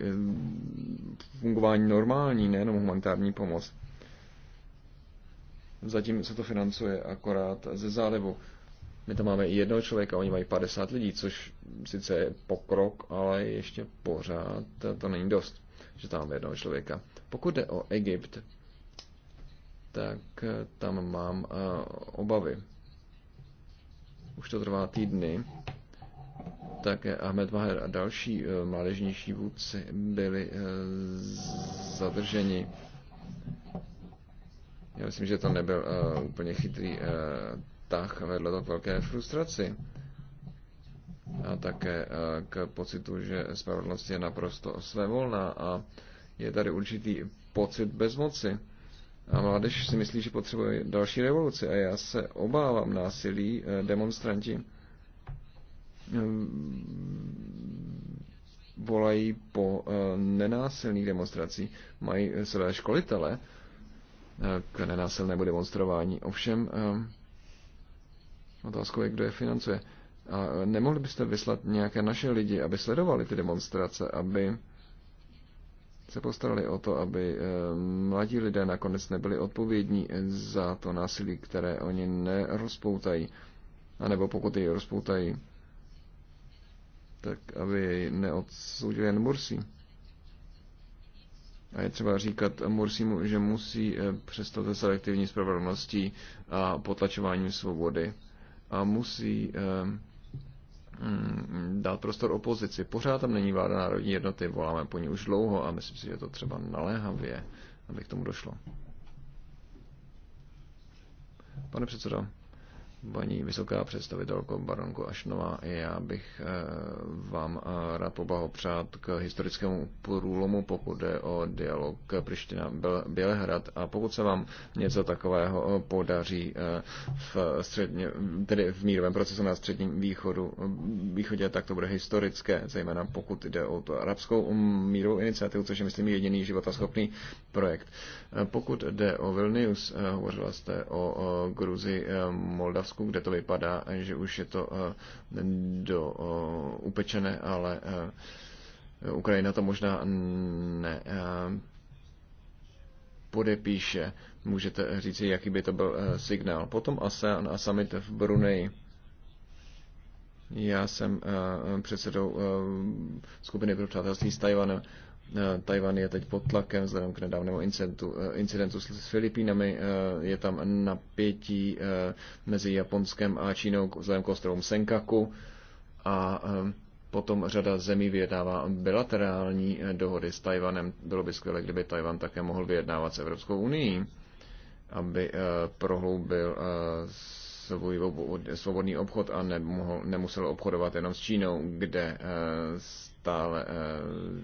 fungování normální, nejenom humanitární pomoc. Zatím se to financuje akorát ze zálivu. My tam máme i jednoho člověka, oni mají 50 lidí, což sice je pokrok, ale ještě pořád to není dost, že tam máme jednoho člověka. Pokud jde o Egypt, tak eh, tam mám eh, obavy. Už to trvá týdny. tak Ahmed Maher a další eh, mládežnější vůdci byli zadrženi. Já myslím, že to nebyl uh, úplně chytrý uh, vztah vedlo to k velké frustraci a také eh, k pocitu, že spravedlnost je naprosto svévolná a je tady určitý pocit bezmoci. A mládež si myslí, že potřebuje další revoluci a já se obávám násilí eh, demonstranti mm, volají po eh, nenásilných demonstracích, mají své školitele k nenásilnému demonstrování. Ovšem Otázkou je, kdo je financuje. A nemohli byste vyslat nějaké naše lidi, aby sledovali ty demonstrace, aby se postarali o to, aby eh, mladí lidé nakonec nebyli odpovědní za to násilí, které oni nerozpoutají, nebo pokud jej rozpoutají, tak aby jej neodsoudil jen Mursi. A je třeba říkat Mursimu, že musí eh, přestat se selektivní spravedlností a potlačováním svobody a musí ehm, mm, dát prostor opozici. Pořád tam není vláda národní jednoty, voláme po ní už dlouho a myslím si, že to třeba naléhavě, aby k tomu došlo. Pane předsedo, paní vysoká představitelko baronko Ašnová, já bych eh, vám eh, rád přát k historickému průlomu, pokud jde o dialog Priština Bělehrad a pokud se vám něco takového eh, podaří v, středně, tedy v mírovém procesu na středním východu, východě, tak to bude historické, zejména pokud jde o tu arabskou mm, mírovou iniciativu, což je, myslím, jediný životaschopný projekt. Pokud jde o Vilnius, hovořila jste o Gruzi, Moldavsku, Maďarsku, kde to vypadá, že už je to eh, do eh, upečené, ale eh, Ukrajina to možná ne podepíše. Můžete říct, jaký by to byl signál. Potom ASEAN a summit v Brunei. Já jsem předsedou skupiny pro přátelství s Tajvanem Eh, Tajvan je teď pod tlakem vzhledem k nedávnému incidentu, eh, incidentu s Filipínami. Eh, je tam napětí mezi Japonskem a Čínou vzhledem k ostrovům Senkaku. A potom řada zemí vyjednává bilaterální dohody s Tajvanem. Bylo by skvělé, kdyby Tajvan také mohl vyjednávat s Evropskou unii, aby prohloubil svůj svobodný obchod a nemusel obchodovat jenom s Čínou, kde stále eh,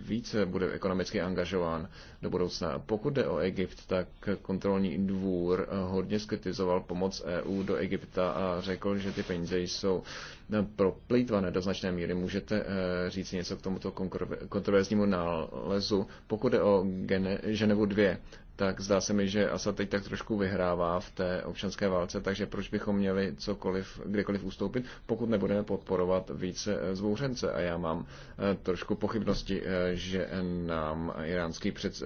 více bude ekonomicky angažován do budoucna. Pokud jde o Egypt, tak kontrolní dvůr eh, hodně skritizoval pomoc EU do Egypta a řekl, že ty peníze jsou No, proplýtvané do značné míry. Můžete eh, říct něco k tomuto kontroverznímu nálezu? Pokud je o Gene, Ženevu 2, tak zdá se mi, že Asad teď tak trošku vyhrává v té občanské válce, takže proč bychom měli cokoliv, kdekoliv ustoupit, pokud nebudeme podporovat více eh, zvouřence. A já mám eh, trošku pochybnosti, že nám iránský před,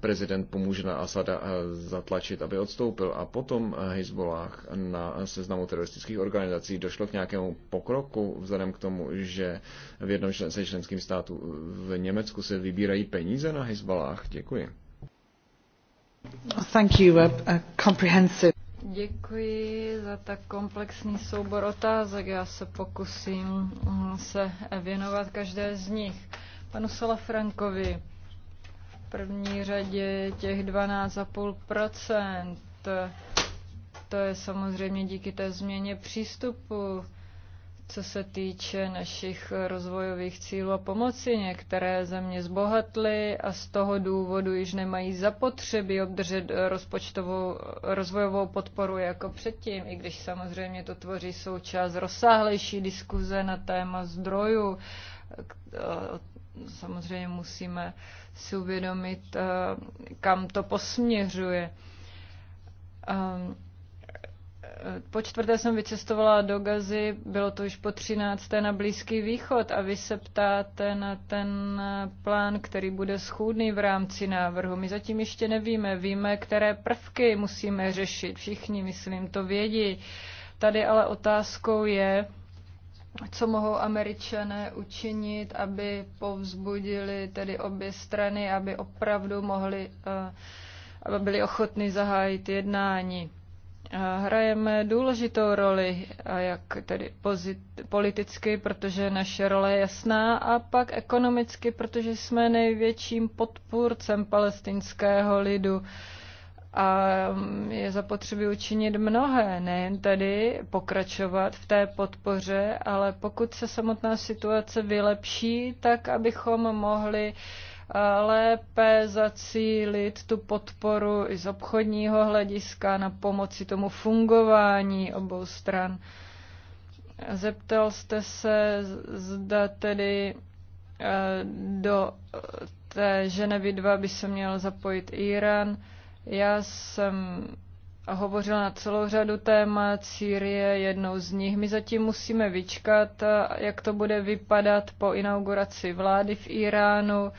prezident pomůže na Asada zatlačit, aby odstoupil. A potom Hezbollah na seznamu teroristických organizací došlo k nějakému dosáhnout pokroku, vzhledem k tomu, že v jednom ze členským států v Německu se vybírají peníze na Hezbalách? Děkuji. Thank you, a, uh, a uh, comprehensive. Děkuji za tak komplexní soubor otázek. Já se pokusím mm, se eh, věnovat každé z nich. Panu Salafrankovi v první řadě těch 12,5%, eh, to je samozřejmě díky té změně přístupu co se týče našich rozvojových cílů a pomoci. Některé země zbohatly a z toho důvodu již nemají zapotřebí obdržet rozpočtovou rozvojovou podporu jako předtím, i když samozřejmě to tvoří součást rozsáhlejší diskuze na téma zdrojů. Samozřejmě musíme si uvědomit, eh, kam to posměřuje. Ehm, po čtvrté jsem vycestovala do Gazy, bylo to už po třinácté na Blízký východ a vy se ptáte na ten plán, který bude schůdný v rámci návrhu. My zatím ještě nevíme, víme, které prvky musíme řešit. Všichni, myslím, to vědí. Tady ale otázkou je, co mohou američané učinit, aby povzbudili tedy obě strany, aby opravdu mohli, eh, aby byli ochotni zahájit jednání hrajeme důležitou roli, a jak tedy pozit, politicky, protože naše role je jasná, a pak ekonomicky, protože jsme největším podpůrcem palestinského lidu. A mm, je zapotřebí učinit mnohé, nejen tedy pokračovat v té podpoře, ale pokud se samotná situace vylepší, tak abychom mohli uh, lépe zacílit tu podporu i z obchodního hlediska na pomoci tomu fungování obou stran. Zeptal jste se, zda tedy eh, do eh, té Ženevy 2 by se měl zapojit Irán. Já jsem hovořila na celou řadu témat, Sýrie jednou z nich. My zatím musíme vyčkat, eh, jak to bude vypadat po inauguraci vlády v Iránu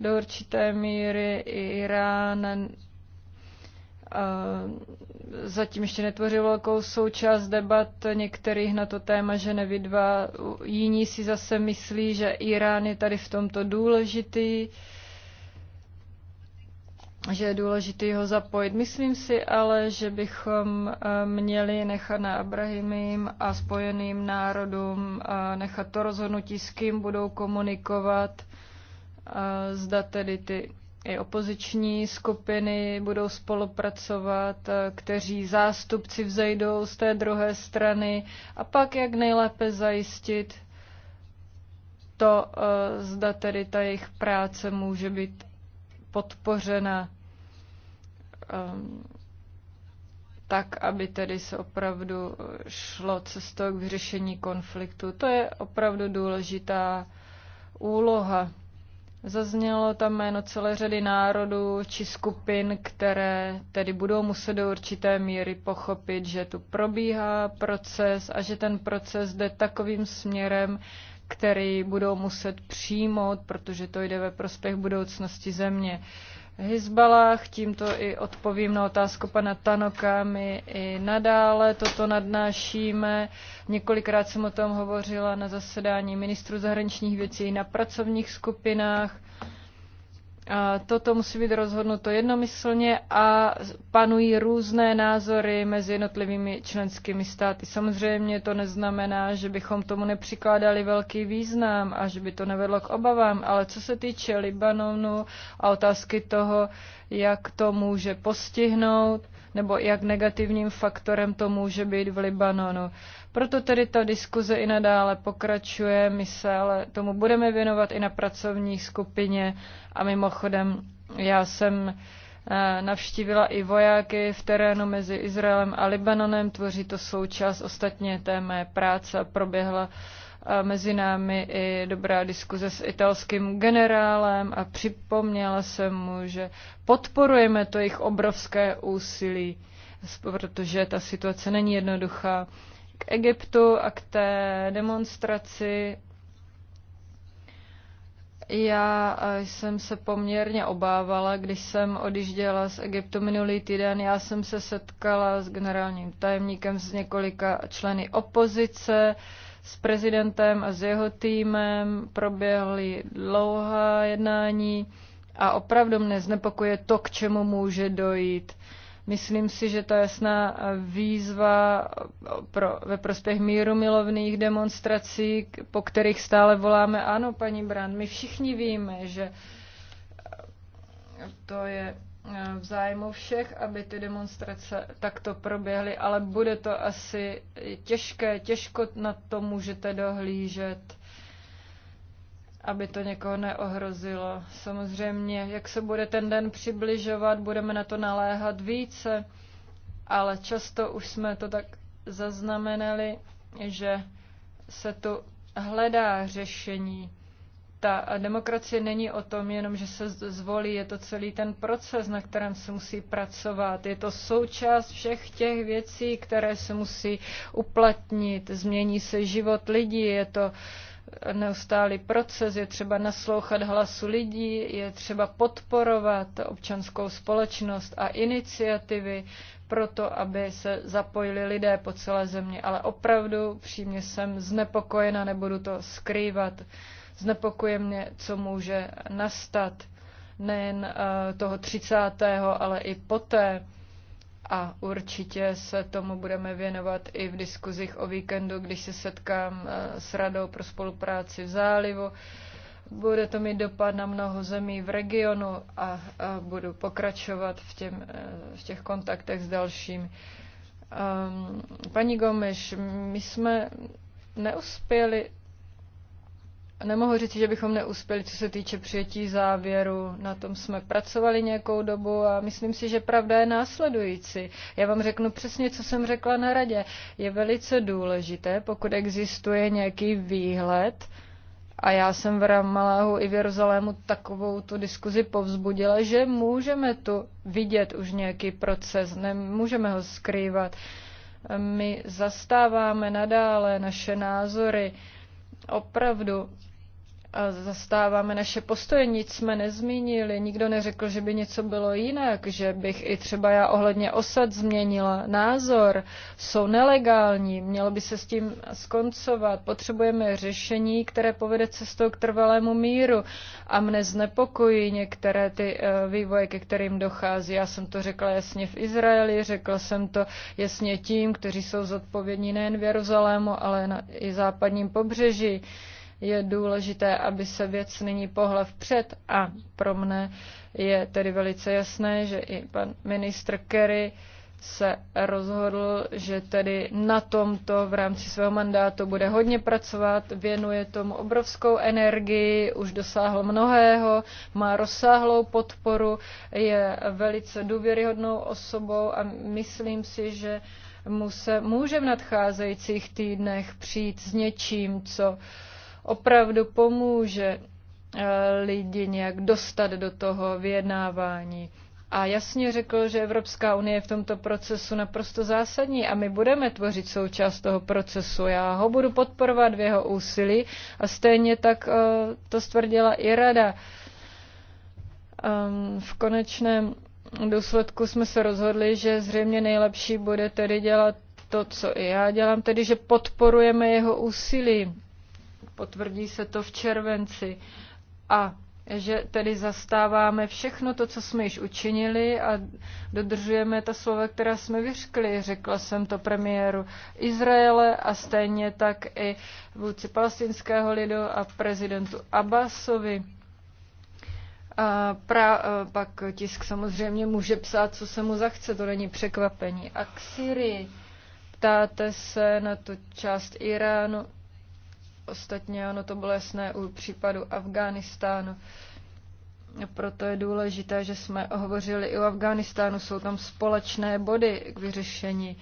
do určité míry i Irán zatím ještě netvořil velkou jako součást debat některých na to téma, že nevidva. Jiní si zase myslí, že Irán je tady v tomto důležitý, že je důležitý ho zapojit. Myslím si ale, že bychom měli nechat na Abrahimím a spojeným národům nechat to rozhodnutí, s kým budou komunikovat zda tedy ty i opoziční skupiny budou spolupracovat, kteří zástupci vzejdou z té druhé strany a pak jak nejlépe zajistit to, zda tedy ta jejich práce může být podpořena um, tak, aby tedy se opravdu šlo cestou k vyřešení konfliktu. To je opravdu důležitá úloha. Zaznělo tam jméno celé řady národů či skupin, které tedy budou muset do určité míry pochopit, že tu probíhá proces a že ten proces jde takovým směrem, který budou muset přijmout, protože to jde ve prospěch budoucnosti země. Hezbalách. Tímto i odpovím na otázku pana Tanoka. My i nadále toto nadnášíme. Několikrát jsem o tom hovořila na zasedání ministrů zahraničních věcí na pracovních skupinách. Toto musí být rozhodnuto jednomyslně a panují různé názory mezi jednotlivými členskými státy. Samozřejmě to neznamená, že bychom tomu nepřikládali velký význam a že by to nevedlo k obavám, ale co se týče Libanonu a otázky toho, jak to může postihnout, nebo jak negativním faktorem to může být v Libanonu. Proto tedy ta diskuze i nadále pokračuje, my se ale tomu budeme věnovat i na pracovní skupině a mimochodem já jsem eh, navštívila i vojáky v terénu mezi Izraelem a Libanonem, tvoří to součást ostatně té mé práce a proběhla eh, mezi námi i dobrá diskuze s italským generálem a připomněla jsem mu, že podporujeme to jejich obrovské úsilí, protože ta situace není jednoduchá k Egyptu a k té demonstraci. Já jsem se poměrně obávala, když jsem odjížděla z Egyptu minulý týden. Já jsem se setkala s generálním tajemníkem, s několika členy opozice, s prezidentem a s jeho týmem. Proběhly dlouhá jednání a opravdu mne znepokuje to, k čemu může dojít Myslím si, že to je jasná eh, výzva eh, pro, ve prospěch míru milovných demonstrací, po kterých stále voláme ano, paní Brand. My všichni víme, že eh, to je v zájmu všech, aby ty demonstrace takto proběhly, ale bude to asi těžké, těžko na to můžete dohlížet aby to někoho neohrozilo. Samozřejmě, jak se bude ten den přibližovat, budeme na to naléhat více, ale často už jsme to tak zaznamenali, že se tu hledá řešení. Ta demokracie není o tom jenom, že se zvolí, je to celý ten proces, na kterém se musí pracovat. Je to součást všech těch věcí, které se musí uplatnit. Změní se život lidí, je to uh, neustálý proces, je třeba naslouchat hlasu lidí, je třeba podporovat občanskou společnost a iniciativy pro to, aby se zapojili lidé po celé zemi. Ale opravdu přímě jsem znepokojena, nebudu to skrývat. Znepokuje mě, co může nastat nejen eh, toho 30., ale i poté a určitě se tomu budeme věnovat i v diskuzích o víkendu, když se setkám eh, s Radou pro spolupráci v zálivu. Bude to mít dopad na mnoho zemí v regionu a, a budu pokračovat v, těm, eh, v těch kontaktech s dalším. Um, ehm, paní Gomeš, my jsme neuspěli nemohu říct, že bychom neuspěli, co se týče přijetí závěru. Na tom jsme pracovali nějakou dobu a myslím si, že pravda je následující. Já vám řeknu přesně, co jsem řekla na radě. Je velice důležité, pokud existuje nějaký výhled, a já jsem v Ramalahu i v Jeruzalému takovou tu diskuzi povzbudila, že můžeme tu vidět už nějaký proces, nemůžeme ho skrývat. My zastáváme nadále naše názory, opravdu a zastáváme naše postoje, nic jsme nezmínili, nikdo neřekl, že by něco bylo jinak, že bych i třeba já ohledně osad změnila názor, jsou nelegální, mělo by se s tím skoncovat, potřebujeme řešení, které povede cestou k trvalému míru a mne znepokojí některé ty eh, vývoje, ke kterým dochází. Já jsem to řekla jasně v Izraeli, řekla jsem to jasně tím, kteří jsou zodpovědní nejen v Jeruzalému, ale i západním pobřeží. Je důležité, aby se věc nyní pohla vpřed a pro mne je tedy velice jasné, že i pan ministr Kerry se rozhodl, že tedy na tomto v rámci svého mandátu bude hodně pracovat, věnuje tomu obrovskou energii, už dosáhl mnohého, má rozsáhlou podporu, je velice důvěryhodnou osobou a myslím si, že mu se může v nadcházejících týdnech přijít s něčím, co uh, opravdu pomůže eh, lidi nějak dostat do toho vyjednávání. A jasně řekl, že Evropská unie je v tomto procesu naprosto zásadní a my budeme tvořit součást toho procesu. Já ho budu podporovat v jeho úsilí a stejně tak eh, to stvrdila i rada. Ehm, v konečném důsledku jsme se rozhodli, že zřejmě nejlepší bude tedy dělat to, co i já dělám, tedy že podporujeme jeho úsilí potvrdí se to v červenci. A že tedy zastáváme všechno to, co jsme již učinili a dodržujeme ta slova, která jsme vyřkli, řekla jsem to premiéru Izraele a stejně tak i vůdci palestinského lidu a prezidentu Abbasovi. A pra, a pak tisk samozřejmě může psát, co se mu zachce, to není překvapení. A k Syrii ptáte se na tu část Iránu. Ostatně ono to bylo jasné u případu Afghánistánu. Proto je důležité, že jsme hovořili i o Afghánistánu. Jsou tam společné body k vyřešení.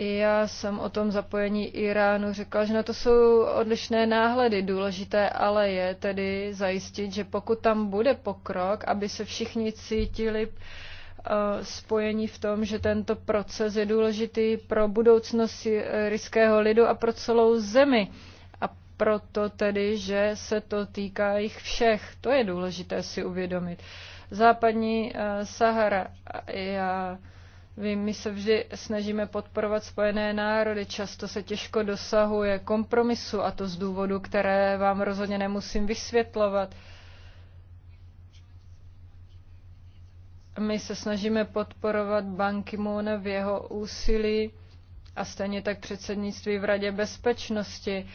Já jsem o tom zapojení Iránu řekla, že na to jsou odlišné náhledy. Důležité ale je tedy zajistit, že pokud tam bude pokrok, aby se všichni cítili uh, spojení v tom, že tento proces je důležitý pro budoucnost ryského lidu a pro celou zemi proto tedy, že se to týká jich všech. To je důležité si uvědomit. Západní eh, Sahara. Eh, já vím, my se vždy snažíme podporovat spojené národy. Často se těžko dosahuje kompromisu a to z důvodu, které vám rozhodně nemusím vysvětlovat. My se snažíme podporovat Banky Ki-moon v jeho úsilí a stejně tak předsednictví v Radě bezpečnosti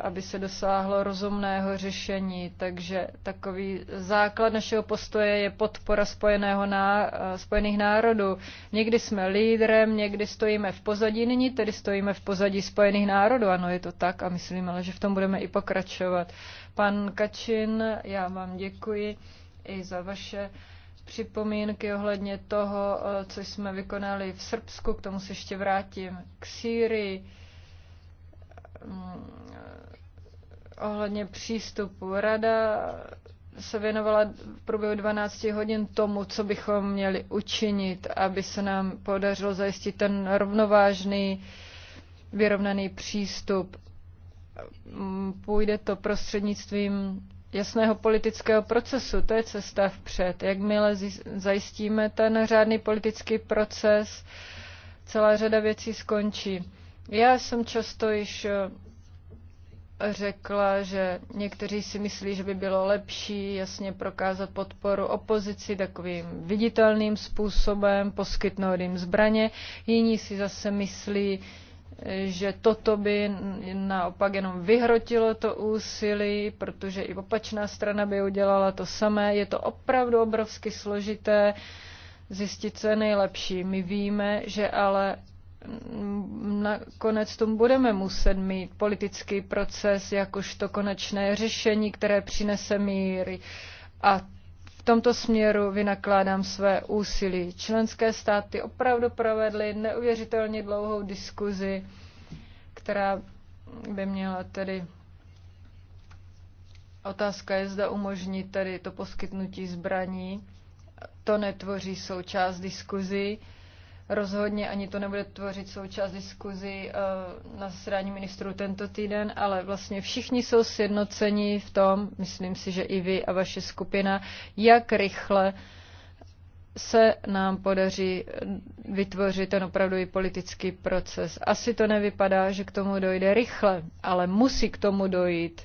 aby se dosáhlo rozumného řešení. Takže takový základ našeho postoje je podpora spojeného ná, spojených národů. Někdy jsme lídrem, někdy stojíme v pozadí, nyní tedy stojíme v pozadí spojených národů. Ano, je to tak a myslím, ale že v tom budeme i pokračovat. Pan Kačin, já vám děkuji i za vaše připomínky ohledně toho, co jsme vykonali v Srbsku, k tomu se ještě vrátím, k Sýrii Eh, ohledně přístupu. Rada se věnovala v průběhu 12 hodin tomu, co bychom měli učinit, aby se nám podařilo zajistit ten rovnovážný, vyrovnaný přístup. Půjde to prostřednictvím jasného politického procesu, to je cesta vpřed. Jakmile zajistíme ten řádný politický proces, celá řada věcí skončí. Já jsem často již eh, řekla, že někteří si myslí, že by bylo lepší jasně prokázat podporu opozici takovým viditelným způsobem, poskytnout jim zbraně. Jiní si zase myslí, eh, že toto by naopak jenom vyhrotilo to úsilí, protože i opačná strana by udělala to samé. Je to opravdu obrovsky složité zjistit, co je nejlepší. My víme, že ale nakonec tomu budeme muset mít politický proces jakožto konečné řešení, které přinese míry. A v tomto směru vynakládám své úsilí. Členské státy opravdu provedly neuvěřitelně dlouhou diskuzi, která by měla tedy Otázka je, zda umožní tedy to poskytnutí zbraní. To netvoří součást diskuzi. Rozhodně ani to nebude tvořit součást diskuzi eh, na zasedání ministrů tento týden, ale vlastně všichni jsou sjednoceni v tom, myslím si, že i vy a vaše skupina, jak rychle se nám podaří vytvořit ten i politický proces. Asi to nevypadá, že k tomu dojde rychle, ale musí k tomu dojít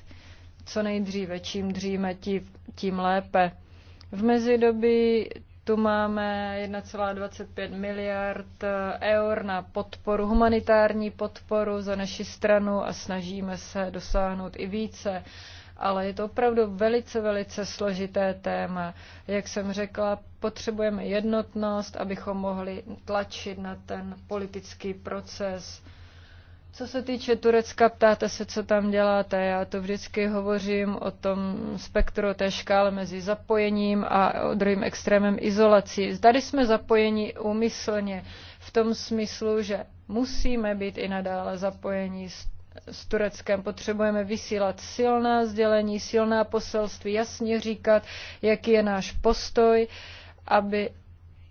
co nejdříve, čím dříve, tím lépe. V mezidobí tu máme 1,25 miliard eh, eur na podporu, humanitární podporu za naši stranu a snažíme se dosáhnout i více. Ale je to opravdu velice, velice složité téma. Jak jsem řekla, potřebujeme jednotnost, abychom mohli tlačit na ten politický proces co se týče Turecka, ptáte se, co tam děláte. Já to vždycky hovořím o tom spektru té škále mezi zapojením a druhým extrémem izolací. Tady jsme zapojeni úmyslně v tom smyslu, že musíme být i nadále zapojeni s Tureckem. Potřebujeme vysílat silná sdělení, silná poselství, jasně říkat, jaký je náš postoj, aby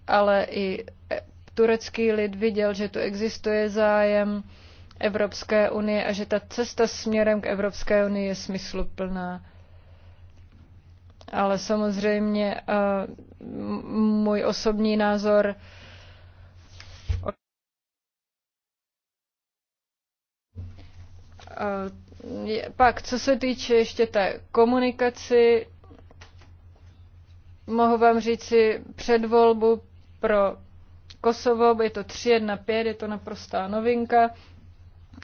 ale i turecký lid viděl, že tu existuje zájem Evropské unie a že ta cesta směrem k Evropské unii je smysluplná. Ale samozřejmě můj osobní názor pak, co se týče ještě té komunikaci, mohu vám říci předvolbu pro Kosovo, je to 3.1.5, je to naprostá novinka.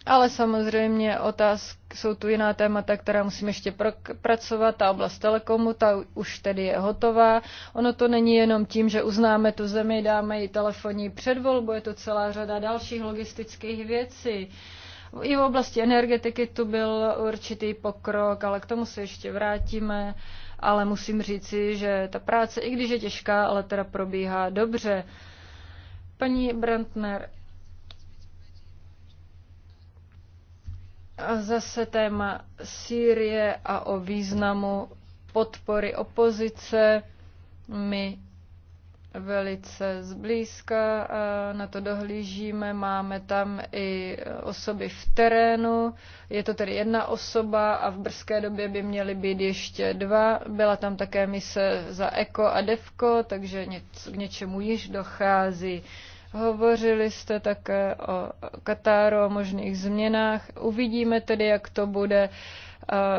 Ale samozřejmě otázky jsou tu jiná témata, která musím ještě pracovat. Ta oblast telekomu, ta už tedy je hotová. Ono to není jenom tím, že uznáme tu zemi, dáme ji telefonní předvolbu, je to celá řada dalších logistických věcí. I v oblasti energetiky tu byl určitý pokrok, ale k tomu se ještě vrátíme. Ale musím říci, že ta práce, i když je těžká, ale teda probíhá dobře. Paní Brandner, A zase téma Sýrie a o významu podpory opozice. mi velice zblízka na to dohlížíme. Máme tam i osoby v terénu. Je to tedy jedna osoba a v brzké době by měly být ještě dva. Byla tam také mise za ECO a DEVCO, takže k něčemu již dochází. Hovořili jste také o Katáru, o možných změnách. Uvidíme tedy, jak to bude.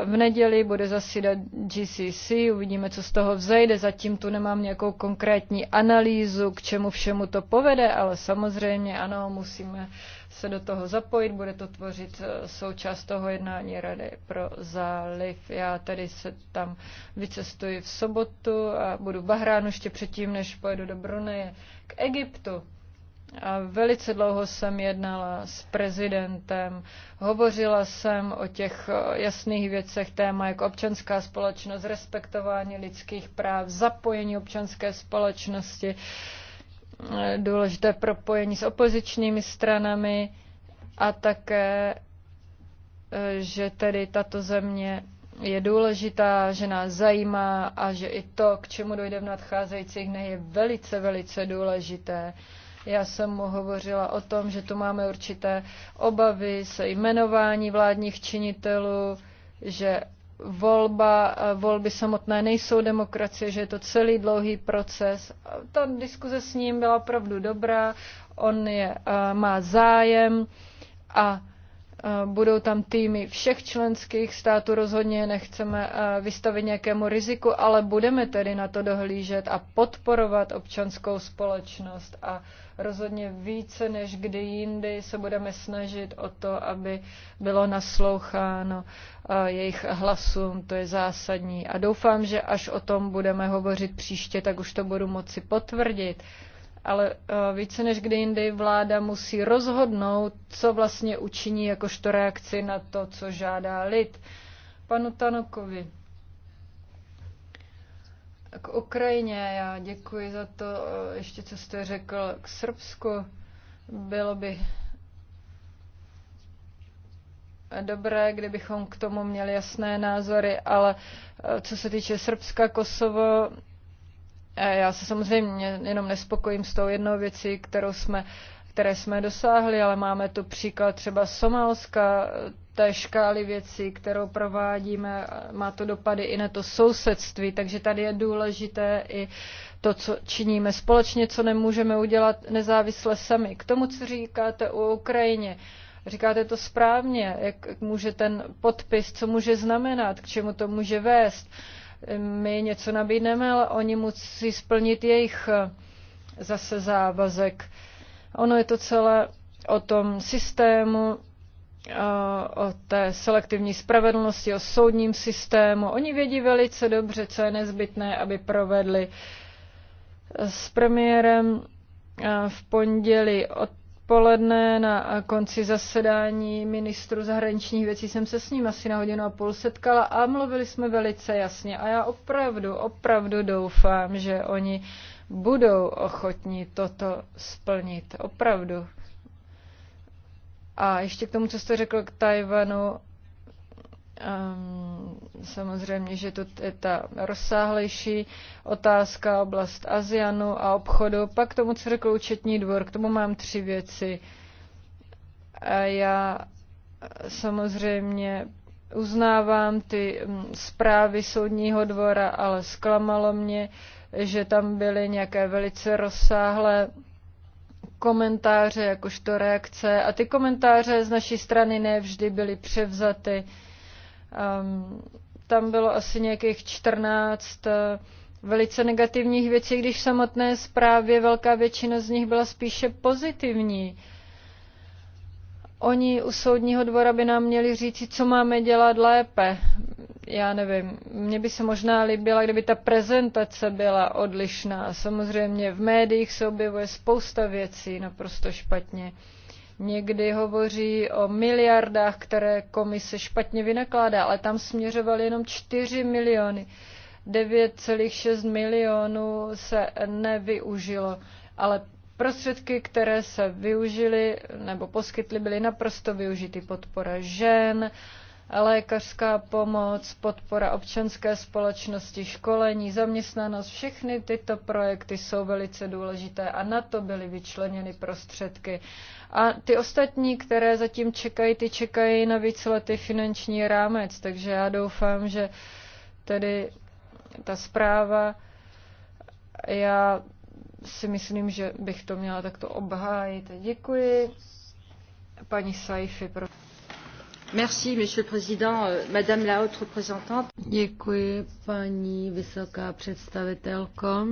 V neděli bude zasídat GCC, uvidíme, co z toho vzejde. Zatím tu nemám nějakou konkrétní analýzu, k čemu všemu to povede, ale samozřejmě ano, musíme se do toho zapojit, bude to tvořit e, součást toho jednání Rady pro záliv. Já tady se tam vycestuji v sobotu a budu v Bahránu ještě předtím, než pojedu do Bruneje k Egyptu. A velice dlouho jsem jednala s prezidentem, hovořila jsem o těch eh, jasných věcech, téma jako občanská společnost, respektování lidských práv, zapojení občanské společnosti, eh, důležité propojení s opozičními stranami a také, eh, že tedy tato země je důležitá, že nás zajímá a že i to, k čemu dojde v nadcházejících dnech, je velice, velice důležité. Já jsem mu hovořila o tom, že tu máme určité obavy se jmenování vládních činitelů, že volba, volby samotné nejsou demokracie, že je to celý dlouhý proces. Ta diskuze s ním byla opravdu dobrá, on je, eh, má zájem a eh, budou tam týmy všech členských států, rozhodně nechceme eh, vystavit nějakému riziku, ale budeme tedy na to dohlížet a podporovat občanskou společnost a Rozhodně více než kdy jindy se budeme snažit o to, aby bylo nasloucháno eh, jejich hlasům, to je zásadní. A doufám, že až o tom budeme hovořit příště, tak už to budu moci potvrdit ale eh, více než kdy jindy vláda musí rozhodnout, co vlastně učiní jakožto reakci na to, co žádá lid. Panu Tanokovi. K Ukrajině, já děkuji za to, eh, ještě co jste řekl, k Srbsku bylo by dobré, kdybychom k tomu měli jasné názory, ale eh, co se týče Srbska, Kosovo, eh, já se samozřejmě jenom nespokojím s tou jednou věcí, kterou jsme, které jsme dosáhli, ale máme tu příklad třeba Somálska, té škály věcí, kterou provádíme, má to dopady i na to sousedství, takže tady je důležité i to, co činíme společně, co nemůžeme udělat nezávisle sami. K tomu, co říkáte o Ukrajině, říkáte to správně, jak může ten podpis, co může znamenat, k čemu to může vést. My něco nabídneme, ale oni musí splnit jejich eh, zase závazek. Ono je to celé o tom systému, Eh, o té selektivní spravedlnosti, o soudním systému. Oni vědí velice dobře, co je nezbytné, aby provedli. S premiérem eh, v pondělí odpoledne na konci zasedání ministru zahraničních věcí jsem se s ním asi na hodinu a půl setkala a mluvili jsme velice jasně. A já opravdu, opravdu doufám, že oni budou ochotní toto splnit. Opravdu. A ještě k tomu, co jste řekl k Tajvanu, um, samozřejmě, že to je ta rozsáhlejší otázka, oblast ASEANu a obchodu. Pak k tomu, co řekl účetní dvor, k tomu mám tři věci. A já samozřejmě uznávám ty mm, zprávy soudního dvora, ale zklamalo mě, že tam byly nějaké velice rozsáhlé komentáře jakožto reakce a ty komentáře z naší strany nevždy byly převzaty. Um, tam bylo asi nějakých 14 eh, velice negativních věcí, když v samotné zprávě velká většina z nich byla spíše pozitivní. Uh, Oni u soudního dvora by nám měli říci, co máme dělat lépe. Já nevím, mně by se možná líbila, kdyby ta prezentace byla odlišná. Samozřejmě v médiích se objevuje spousta věcí naprosto špatně. Někdy hovoří o miliardách, které komise špatně vynakládá, ale tam směřovaly jenom 4 miliony. 9,6 milionů se nevyužilo, ale Prostředky, které se využily nebo poskytly, byly naprosto využity. Podpora žen, lékařská pomoc, podpora občanské společnosti, školení, zaměstnanost, všechny tyto projekty jsou velice důležité a na to byly vyčleněny prostředky. A ty ostatní, které zatím čekají, ty čekají na víceletý finanční rámec, takže já doufám, že tedy ta zpráva, já si myslím, že bych to měla takto obhájit. Děkuji. Paní Saifi, pro... Merci, monsieur le président, madame la haute représentante. Děkuji, paní vysoká představitelko.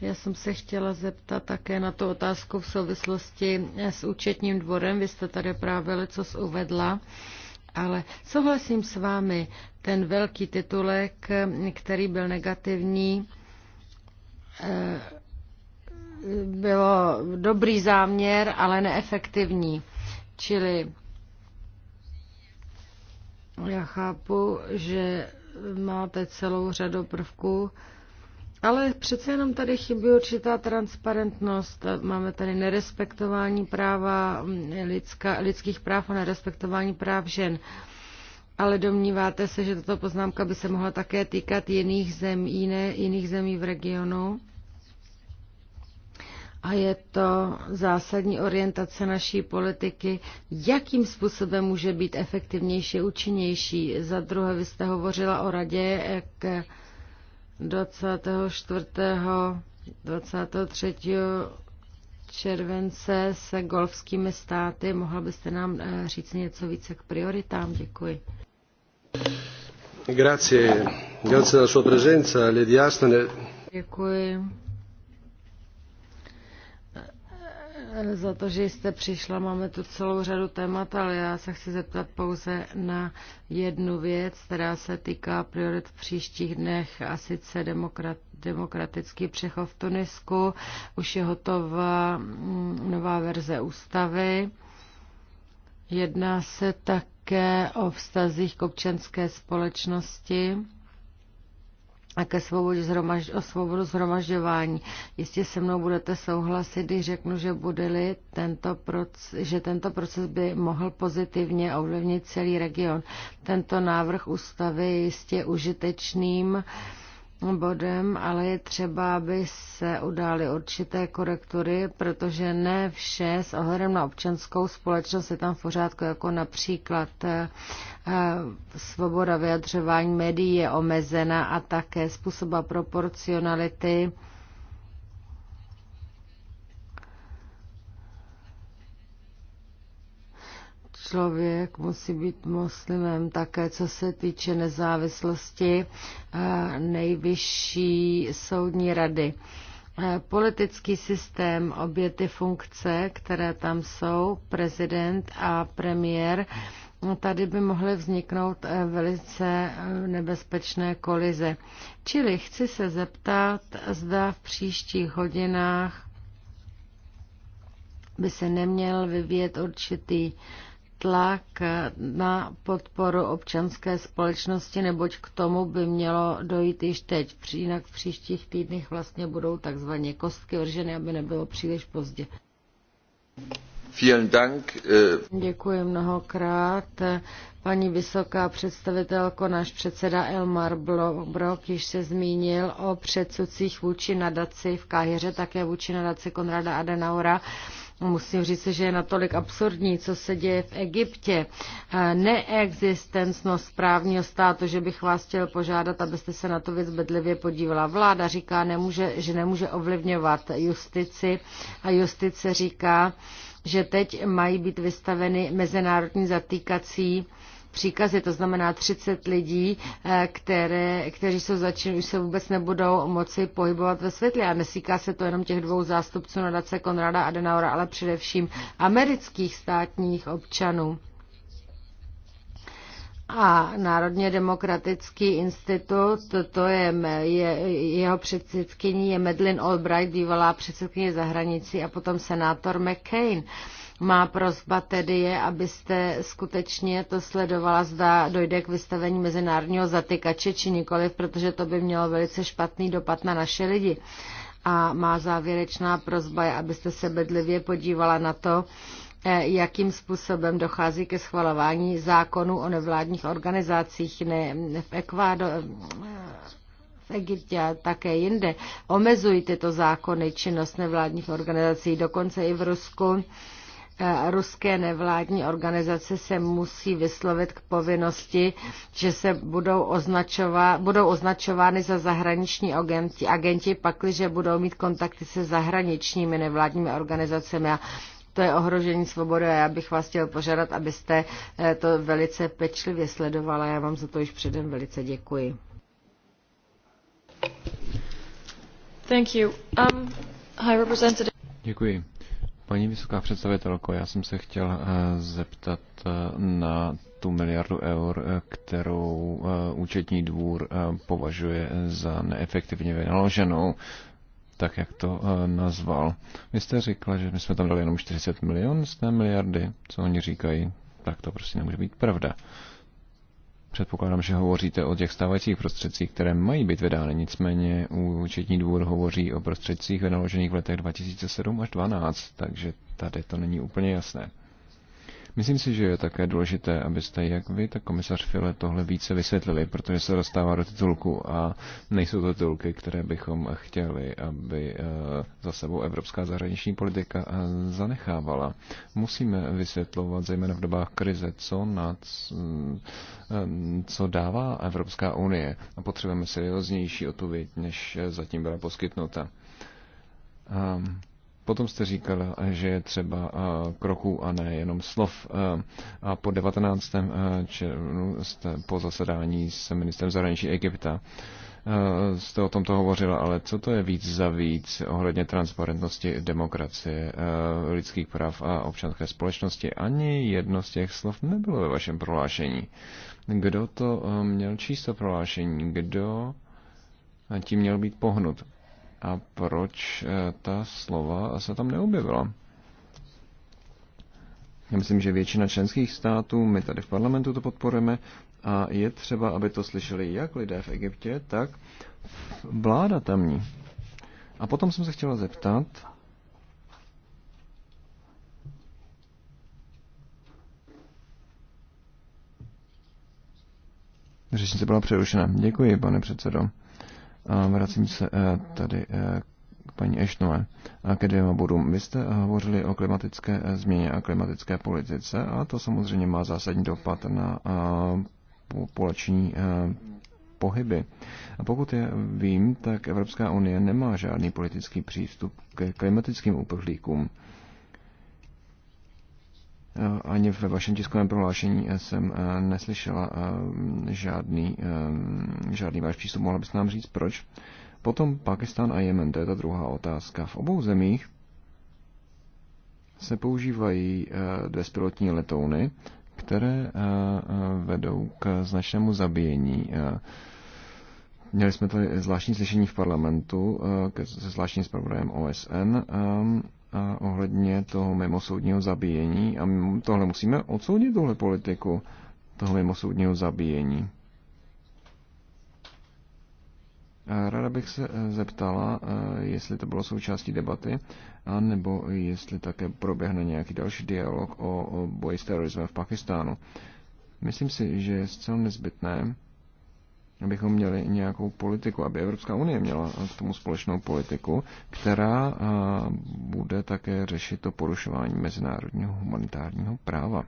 Já jsem se chtěla zeptat také na tu otázku v souvislosti s účetním dvorem. Vy jste tady právě leco uvedla, ale souhlasím s vámi, ten velký titulek, který byl negativní, eh, bylo dobrý záměr, ale neefektivní. Čili já chápu, že máte celou řadu prvků, ale přece jenom tady chybí určitá transparentnost. Máme tady nerespektování práva lidska, lidských práv a nerespektování práv žen. Ale domníváte se, že tato poznámka by se mohla také týkat jiných zemí, ne, jiných zemí v regionu? a je to zásadní orientace naší politiky, jakým způsobem může být efektivnější, účinnější. Za druhé, vy jste hovořila o radě k 24. 23. července se golfskými státy. Mohla byste nám eh, říct něco více k prioritám? Děkuji. Grazie, grazie della sua presenza, Lady Děkuji za to, že jste přišla. Máme tu celou řadu témat, ale já se chci zeptat pouze na jednu věc, která se týká priorit v příštích dnech a sice demokrat, demokratický přechod v Tunisku. Už je hotová mm, nová verze ústavy. Jedná se také o vztazích k občanské společnosti a ke svobodě zhromaž, o svobodu zhromažďování. Jistě se mnou budete souhlasit, když řeknu, že bude-li tento proces, že tento proces by mohl pozitivně ovlivnit celý region. Tento návrh ústavy je jistě užitečným uh, bodem, ale je třeba, aby se udály určité korektury, protože ne vše s ohledem na občanskou společnost je tam v pořádku, jako například eh, svoboda vyjadřování médií je omezena a také způsoba proporcionality člověk musí být muslimem také, co se týče nezávislosti eh, nejvyšší soudní rady. Eh, politický systém, obě ty funkce, které tam jsou, prezident a premiér, no, tady by mohly vzniknout eh, velice nebezpečné kolize. Čili chci se zeptat, zda v příštích hodinách by se neměl vyvíjet určitý tlak na podporu občanské společnosti, neboť k tomu by mělo dojít již teď. Jinak v příštích týdnech vlastně budou takzvaně kostky vrženy, aby nebylo příliš pozdě. Eh. Děkuji mnohokrát. Paní vysoká představitelko, náš předseda Elmar Brok již se zmínil o předsudcích vůči nadaci v Káhiře, také vůči nadaci Konrada Adenaura. Musím říct, že je natolik absurdní, co se děje v Egyptě. Eh, Neexistencnost právního státu, že bych vás chtěl požádat, abyste se na to věc bedlivě podívala. Vláda říká, nemůže, že nemůže ovlivňovat justici a justice říká, že teď mají být vystaveny mezinárodní zatýkací příkazy, to znamená 30 lidí, eh, které, kteří jsou začínají, už se vůbec nebudou moci pohybovat ve světě. A nesýká se to jenom těch dvou zástupců nadace Konrada Adenaura, ale především amerických státních občanů. A Národně demokratický institut, to je, je jeho předsedkyní je Medlin Albright, bývalá předsedkyně zahraničí a potom senátor McCain. Uh, má prozba tedy je, abyste skutečně to sledovala, zda dojde k vystavení mezinárodního zatykače či nikoliv, protože to by mělo velice špatný dopad na naše lidi. A má závěrečná prozba je, abyste se bedlivě podívala na to, eh, jakým způsobem dochází ke schvalování zákonů o nevládních organizacích ne, v Ekvádoru, eh, v Egyptě a také jinde. Omezují tyto zákony činnost nevládních organizací, dokonce i v Rusku ruské nevládní organizace se musí vyslovit k povinnosti, že se budou, označová, budou označovány za zahraniční agenti, agenti pakliže budou mít kontakty se zahraničními nevládními organizacemi a to je ohrožení svobody a já bych vás chtěl požádat, abyste eh, to velice pečlivě sledovala. Já vám za to již předem velice děkuji. Thank you. Um, high representative. Děkuji. Paní vysoká představitelko, já jsem se chtěl eh, zeptat eh, na tu miliardu eur, eh, kterou účetní dvůr považuje za neefektivně vynaloženou, tak jak to nazval. Vy jste řekla, že my jsme tam dali jenom 40 milion z té miliardy, co oni říkají, tak to prostě nemůže být pravda. Předpokládám, že hovoříte o těch stávajících prostředcích, které mají být vydány, nicméně účetní dvůr hovoří o prostředcích vynaložených v letech 2007 až 2012, takže tady to není úplně jasné. Myslím si, že je také důležité, abyste jak vy, tak komisař File tohle více vysvětlili, protože se dostává do titulku a nejsou to titulky, které bychom chtěli, aby eh, za sebou evropská zahraniční politika eh, zanechávala. Musíme vysvětlovat, zejména v dobách krize, co, na, eh, co dává Evropská unie a potřebujeme serióznější odpověď, než zatím byla poskytnuta. Um, Potom jste říkal, že je třeba kroků a ne jenom slov. A po 19. červnu jste po zasedání s ministrem zahraničí Egypta jste o tomto hovořila, ale co to je víc za víc ohledně transparentnosti demokracie, lidských práv a občanské společnosti? Ani jedno z těch slov nebylo ve vašem prohlášení. Kdo to měl číst to prohlášení? Kdo tím měl být pohnut? a proč eh, ta slova se tam neobjevila. Já myslím, že většina členských států, my tady v parlamentu to podporujeme, a je třeba, aby to slyšeli jak lidé v Egyptě, tak vláda tamní. A potom jsem se chtěla zeptat, Řečnice byla přerušena. Děkuji, pane předsedo. A vracím se eh, tady eh, k paní Ešnové a ke dvěma bodům. Vy jste eh, hovořili o klimatické změně a klimatické politice a to samozřejmě má zásadní dopad na populační pohyby. A pokud je vím, tak Evropská unie nemá žádný politický přístup k klimatickým uprchlíkům. Eh, ani ve vašem tiskovém prohlášení eh, jsem eh, neslyšela žádný, žádný váš přístup. Mohla byste nám říct proč? Potom Pakistan a Jemen, to je ta druhá otázka. V obou zemích se používají bezpilotní letouny, které vedou k značnému zabíjení. Měli jsme tady zvláštní slyšení v parlamentu se zvláštním zpravodajem OSN ohledně toho mimosoudního zabíjení a tohle musíme odsoudit, tohle politiku toho mimosoudního zabíjení. Ráda bych se eh, zeptala, eh, jestli to bylo součástí debaty, nebo jestli také proběhne nějaký další dialog o boji s terorismem v Pakistánu. Myslím si, že je zcela nezbytné, abychom měli nějakou politiku, aby Evropská unie měla k tomu společnou politiku, která bude také řešit to porušování mezinárodního humanitárního práva.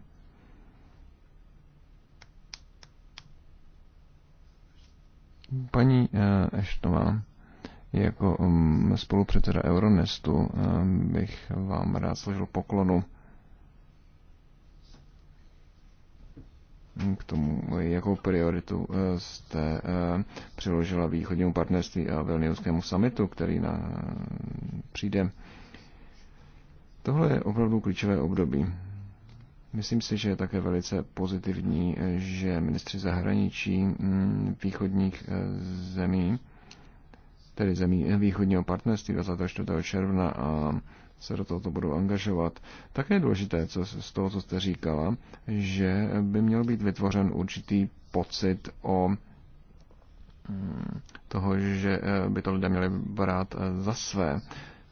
Paní Eštová, jako um, spolupředseda Euronestu bych vám rád složil poklonu k tomu, jakou prioritu eh, jste eh, přiložila východnímu partnerství a Vilniuskému summitu, který na, přijde. Tohle je opravdu klíčové období. Myslím si, že je také velice pozitivní, že ministři zahraničí hm, východních eh, zemí, tedy zemí východního partnerství 24. června a se do tohoto budou angažovat. Také je důležité, co, z toho, co jste říkala, že by měl být vytvořen určitý pocit o mm, toho, že eh, by to lidé měli brát eh, za své,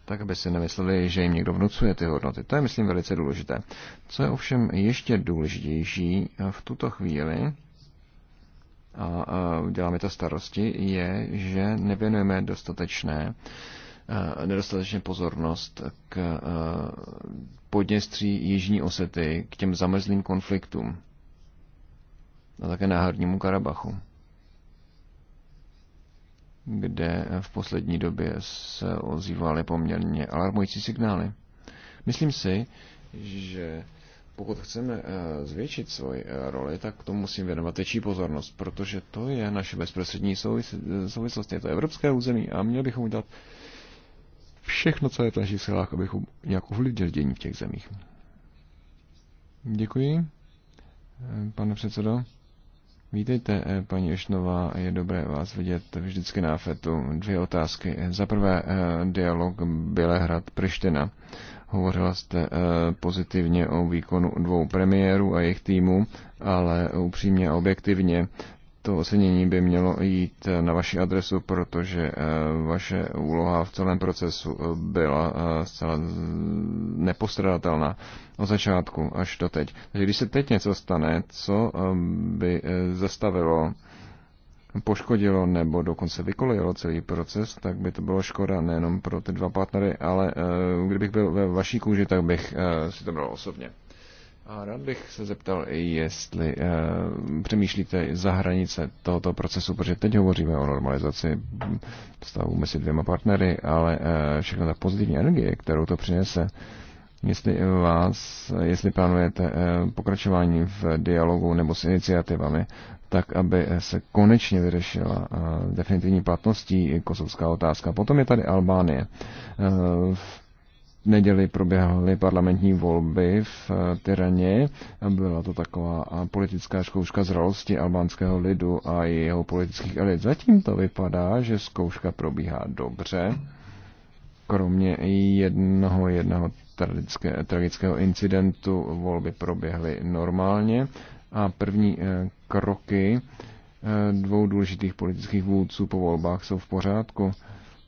tak aby si nemysleli, že jim někdo vnucuje ty hodnoty. To je, myslím, velice důležité. Co je ovšem ještě důležitější eh, v tuto chvíli, a děláme to starosti, je, že nevěnujeme dostatečné uh, nedostatečně pozornost k podněstří Jižní Osety, k těm zamrzlým konfliktům a také náhornímu Karabachu, kde v poslední době se ozývaly poměrně alarmující signály. Myslím si, že pokud chceme zvětšit svoji roli, tak tomu musím věnovat větší pozornost, protože to je naše bezprostřední souvislost, je to evropské území a měli bychom udělat všechno, co je v našich silách, abychom nějak ovlivnili dění v těch zemích. Děkuji, pane předsedo. Vítejte, eh, paní Ešnová, je dobré vás vidět vždycky na FETu. Dvě otázky. Za prvé, eh, dialog Bělehrad Priština. Hovořila jste eh, pozitivně o výkonu dvou premiérů a jejich týmu, ale upřímně a objektivně to ocenění by mělo jít eh, na vaši adresu, protože eh, vaše úloha v celém procesu eh, byla zcela nepostradatelná od začátku až do teď. Takže když se teď něco stane, co by zastavilo, poškodilo nebo dokonce vykolejilo celý proces, tak by to bylo škoda nejenom pro ty dva partnery, ale kdybych byl ve vaší kůži, tak bych si to bral osobně. A rád bych se zeptal, jestli eh, přemýšlíte za hranice tohoto procesu, protože teď hovoříme o normalizaci stavu mezi dvěma partnery, ale eh, všechno ta pozitivní energie, kterou to přinese, jestli vás, jestli plánujete eh, pokračování v dialogu nebo s iniciativami, tak aby se konečně vyřešila eh, definitivní platností kosovská otázka. Potom je tady Albánie. Eh, neděli proběhly parlamentní volby v eh, Tyraně. Byla to taková politická zkouška zralosti albánského lidu a jeho politických elit. Zatím to vypadá, že zkouška probíhá dobře, kromě jednoho jednoho tragické, tragického incidentu volby proběhly normálně a první eh, kroky eh, dvou důležitých politických vůdců po volbách jsou v pořádku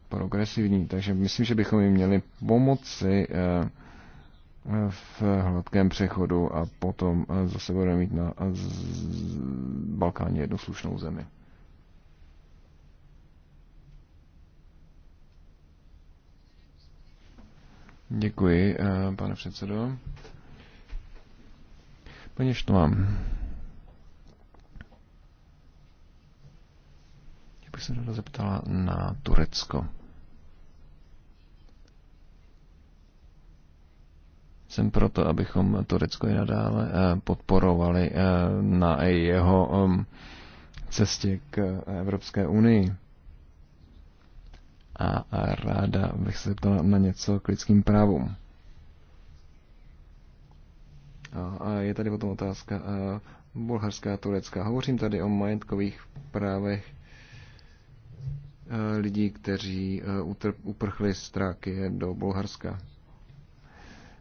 progresivní, takže myslím, že bychom jim měli pomoci eh, v hladkém přechodu a potom eh, zase budeme mít na eh, Balkáně jednu slušnou zemi. Děkuji, pane předsedo. Paní Štvám. bych se ráda zeptala na Turecko. Jsem proto, abychom Turecko i nadále eh, podporovali eh, na jeho eh, cestě k Evropské unii. A ráda bych se zeptala na něco k lidským právům. A je tady potom otázka bulharská a turecká. Hovořím tady o majetkových právech Eh, lidí, kteří eh, uprchli z Trákie do Bulharska.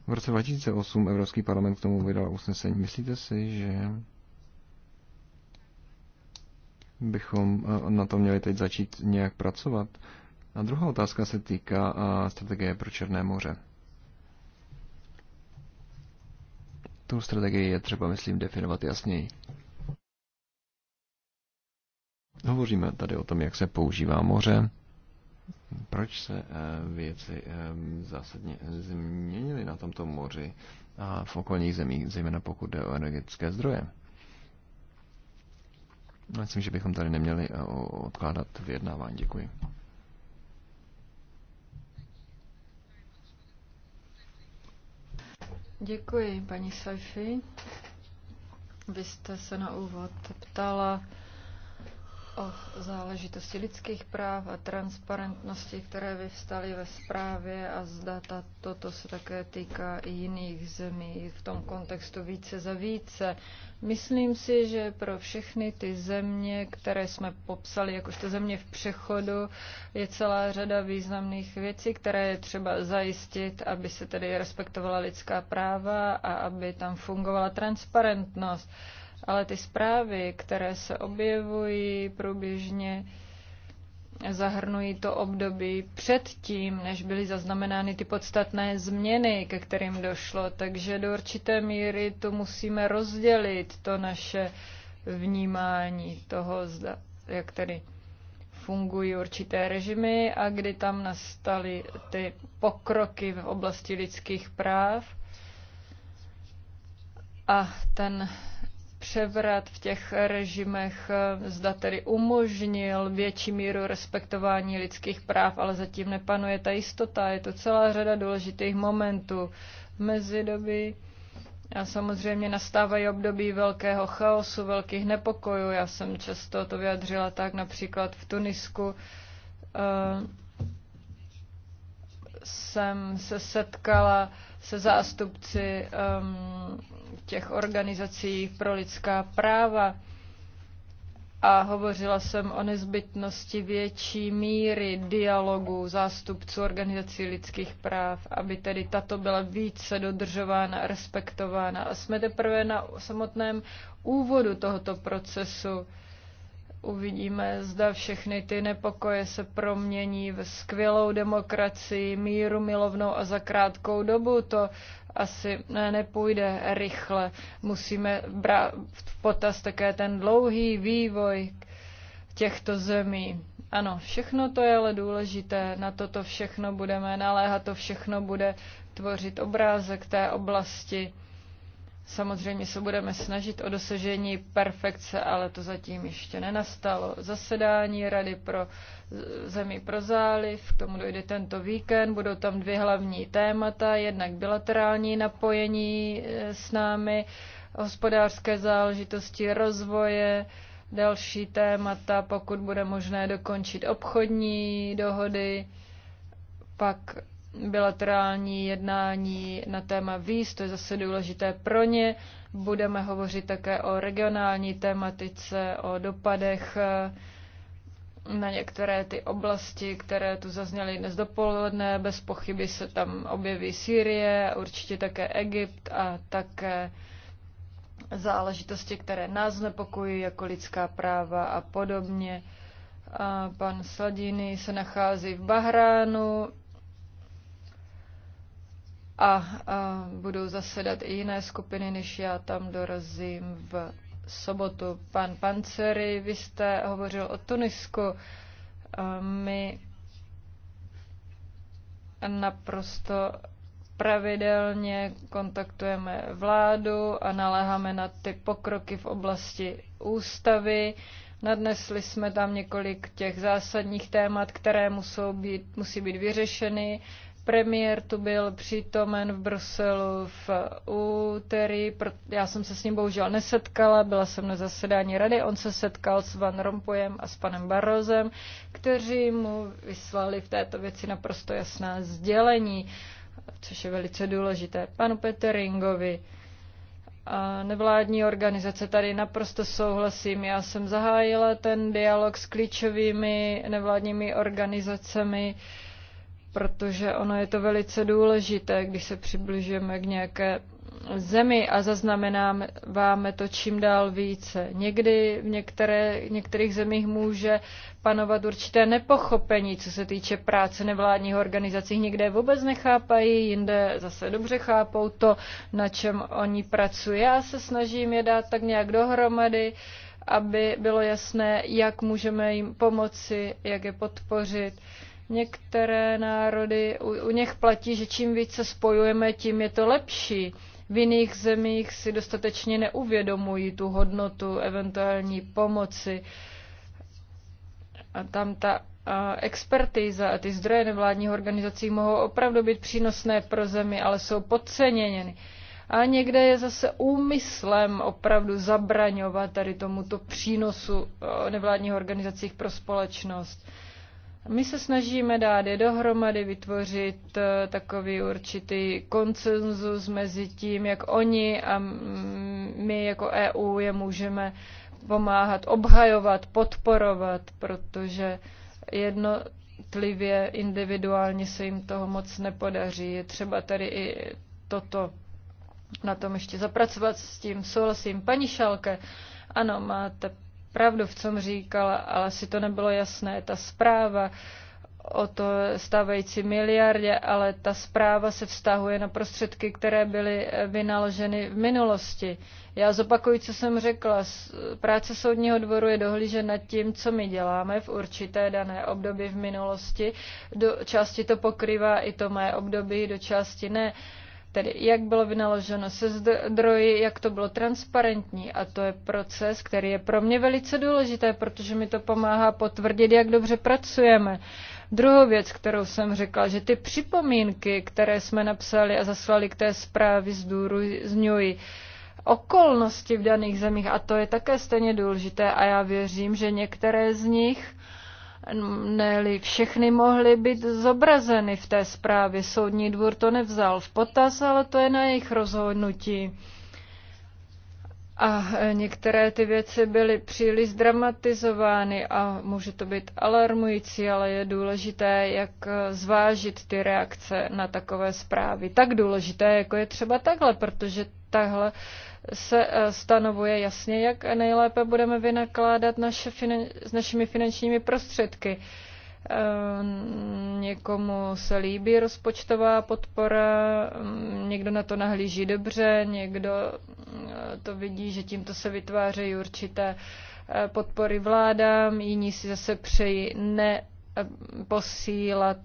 V roce 2008 Evropský parlament k tomu vydal usnesení. Myslíte si, že bychom eh, na to měli teď začít nějak pracovat? A druhá otázka se týká strategie pro Černé moře. Tu strategii je třeba, myslím, definovat jasněji. Hovoříme tady o tom, jak se používá moře, proč se eh, věci eh, zásadně změnily na tomto moři a v okolních zemích, zejména pokud jde o energetické zdroje. Myslím, že bychom tady neměli eh, odkládat vyjednávání. Děkuji. Děkuji, paní Saifi. Vy jste se na úvod ptala, o záležitosti lidských práv a transparentnosti, které vyvstaly ve zprávě a zda toto se také týká i jiných zemí v tom kontextu více za více. Myslím si, že pro všechny ty země, které jsme popsali jakožto země v přechodu, je celá řada významných věcí, které je třeba zajistit, aby se tedy respektovala lidská práva a aby tam fungovala transparentnost ale ty zprávy, které se objevují průběžně, zahrnují to období předtím, než byly zaznamenány ty podstatné změny, ke kterým došlo. Takže do určité míry to musíme rozdělit, to naše vnímání toho, jak tedy fungují určité režimy a kdy tam nastaly ty pokroky v oblasti lidských práv. A ten převrat v těch režimech, eh, zda tedy umožnil větší míru respektování lidských práv, ale zatím nepanuje ta jistota. Je to celá řada důležitých momentů. mezi doby. a samozřejmě nastávají období velkého chaosu, velkých nepokojů. Já jsem často to vyjadřila tak například v Tunisku. Eh, jsem se setkala se zástupci um, těch organizací pro lidská práva a hovořila jsem o nezbytnosti větší míry dialogu zástupců organizací lidských práv, aby tedy tato byla více dodržována a respektována. A jsme teprve na samotném úvodu tohoto procesu. Uvidíme, zda všechny ty nepokoje se promění ve skvělou demokracii, míru milovnou a za krátkou dobu. To asi ne, nepůjde rychle. Musíme brát v potaz také ten dlouhý vývoj těchto zemí. Ano, všechno to je ale důležité, na toto všechno budeme naléhat, to všechno bude tvořit obrázek té oblasti. Samozřejmě se budeme snažit o dosažení perfekce, ale to zatím ještě nenastalo. Zasedání Rady pro eh, zemi pro záliv, k tomu dojde tento víkend, budou tam dvě hlavní témata, jednak bilaterální napojení eh, s námi, hospodářské záležitosti, rozvoje, další témata, pokud bude možné dokončit obchodní dohody, pak bilaterální jednání na téma víz, to je zase důležité pro ně. Budeme hovořit také o regionální tématice, o dopadech eh, na některé ty oblasti, které tu zazněly dnes dopoledne. Bez pochyby se tam objeví Sýrie, určitě také Egypt a také záležitosti, které nás nepokojí, jako lidská práva a podobně. A pan Sladiny se nachází v Bahránu, a, a budou zasedat i jiné skupiny, než já tam dorazím v sobotu. Pan Pancery, vy jste hovořil o Tunisku. A my naprosto pravidelně kontaktujeme vládu a naléháme na ty pokroky v oblasti ústavy. Nadnesli jsme tam několik těch zásadních témat, které musou být, musí být vyřešeny. Premiér tu byl přítomen v Bruselu v úterý, já jsem se s ním bohužel nesetkala, byla jsem na zasedání rady, on se setkal s Van Rompuyem a s panem Barrozem, kteří mu vyslali v této věci naprosto jasná sdělení, což je velice důležité. Panu Peteringovi, nevládní organizace. Tady naprosto souhlasím. Já jsem zahájila ten dialog s klíčovými nevládními organizacemi protože ono je to velice důležité, když se přibližujeme k nějaké zemi a zaznamenáváme to čím dál více. Někdy v některé, některých zemích může panovat určité nepochopení, co se týče práce nevládních organizací. Někde vůbec nechápají, jinde zase dobře chápou to, na čem oni pracují. Já se snažím je dát tak nějak dohromady, aby bylo jasné, jak můžeme jim pomoci, jak je podpořit. Uh, Některé národy, u, u něch platí, že čím více spojujeme, tím je to lepší. V jiných zemích si dostatečně neuvědomují tu hodnotu eventuální pomoci. A tam ta a expertíza a ty zdroje nevládních organizací mohou opravdu být přínosné pro zemi, ale jsou podceněny. A někde je zase úmyslem opravdu zabraňovat tady tomuto přínosu nevládních organizacích pro společnost. My se snažíme dát je dohromady, vytvořit eh, takový určitý konsenzus mezi tím, jak oni a my jako EU je můžeme pomáhat, obhajovat, podporovat, protože jednotlivě, individuálně se jim toho moc nepodaří. Je třeba tady i toto na tom ještě zapracovat s tím souhlasím. Paní Šalke, ano, máte pravdu v tom říkala, ale si to nebylo jasné. Ta zpráva o to stávající miliardě, ale ta zpráva se vztahuje na prostředky, které byly eh, vynaloženy v minulosti. Já zopakuju, co jsem řekla. Práce soudního dvoru je dohlížen nad tím, co my děláme v určité dané období v minulosti. Do části to pokrývá i to mé období, do části ne. Uh, Tedy jak bylo vynaloženo se zdroji, jak to bylo transparentní. A to je proces, který je pro mě velice důležité, protože mi to pomáhá potvrdit, jak dobře pracujeme. Druhou věc, kterou jsem řekla, že ty připomínky, které jsme napsali a zaslali k té zprávě zdůrazňuji, okolnosti v daných zemích, a to je také stejně důležité, a já věřím, že některé z nich ne všechny mohly být zobrazeny v té zprávě. Soudní dvůr to nevzal v potaz, ale to je na jejich rozhodnutí. A e, některé ty věci byly příliš dramatizovány a může to být alarmující, ale je důležité, jak e, zvážit ty reakce na takové zprávy. Tak důležité, jako je třeba takhle, protože tahle se eh, stanovuje jasně, jak nejlépe budeme vynakládat naše finan- s našimi finančními prostředky. Eh, někomu se líbí rozpočtová podpora, mm, někdo na to nahlíží dobře, někdo eh, to vidí, že tímto se vytvářejí určité podpory vládám, jiní si zase přeji neposílat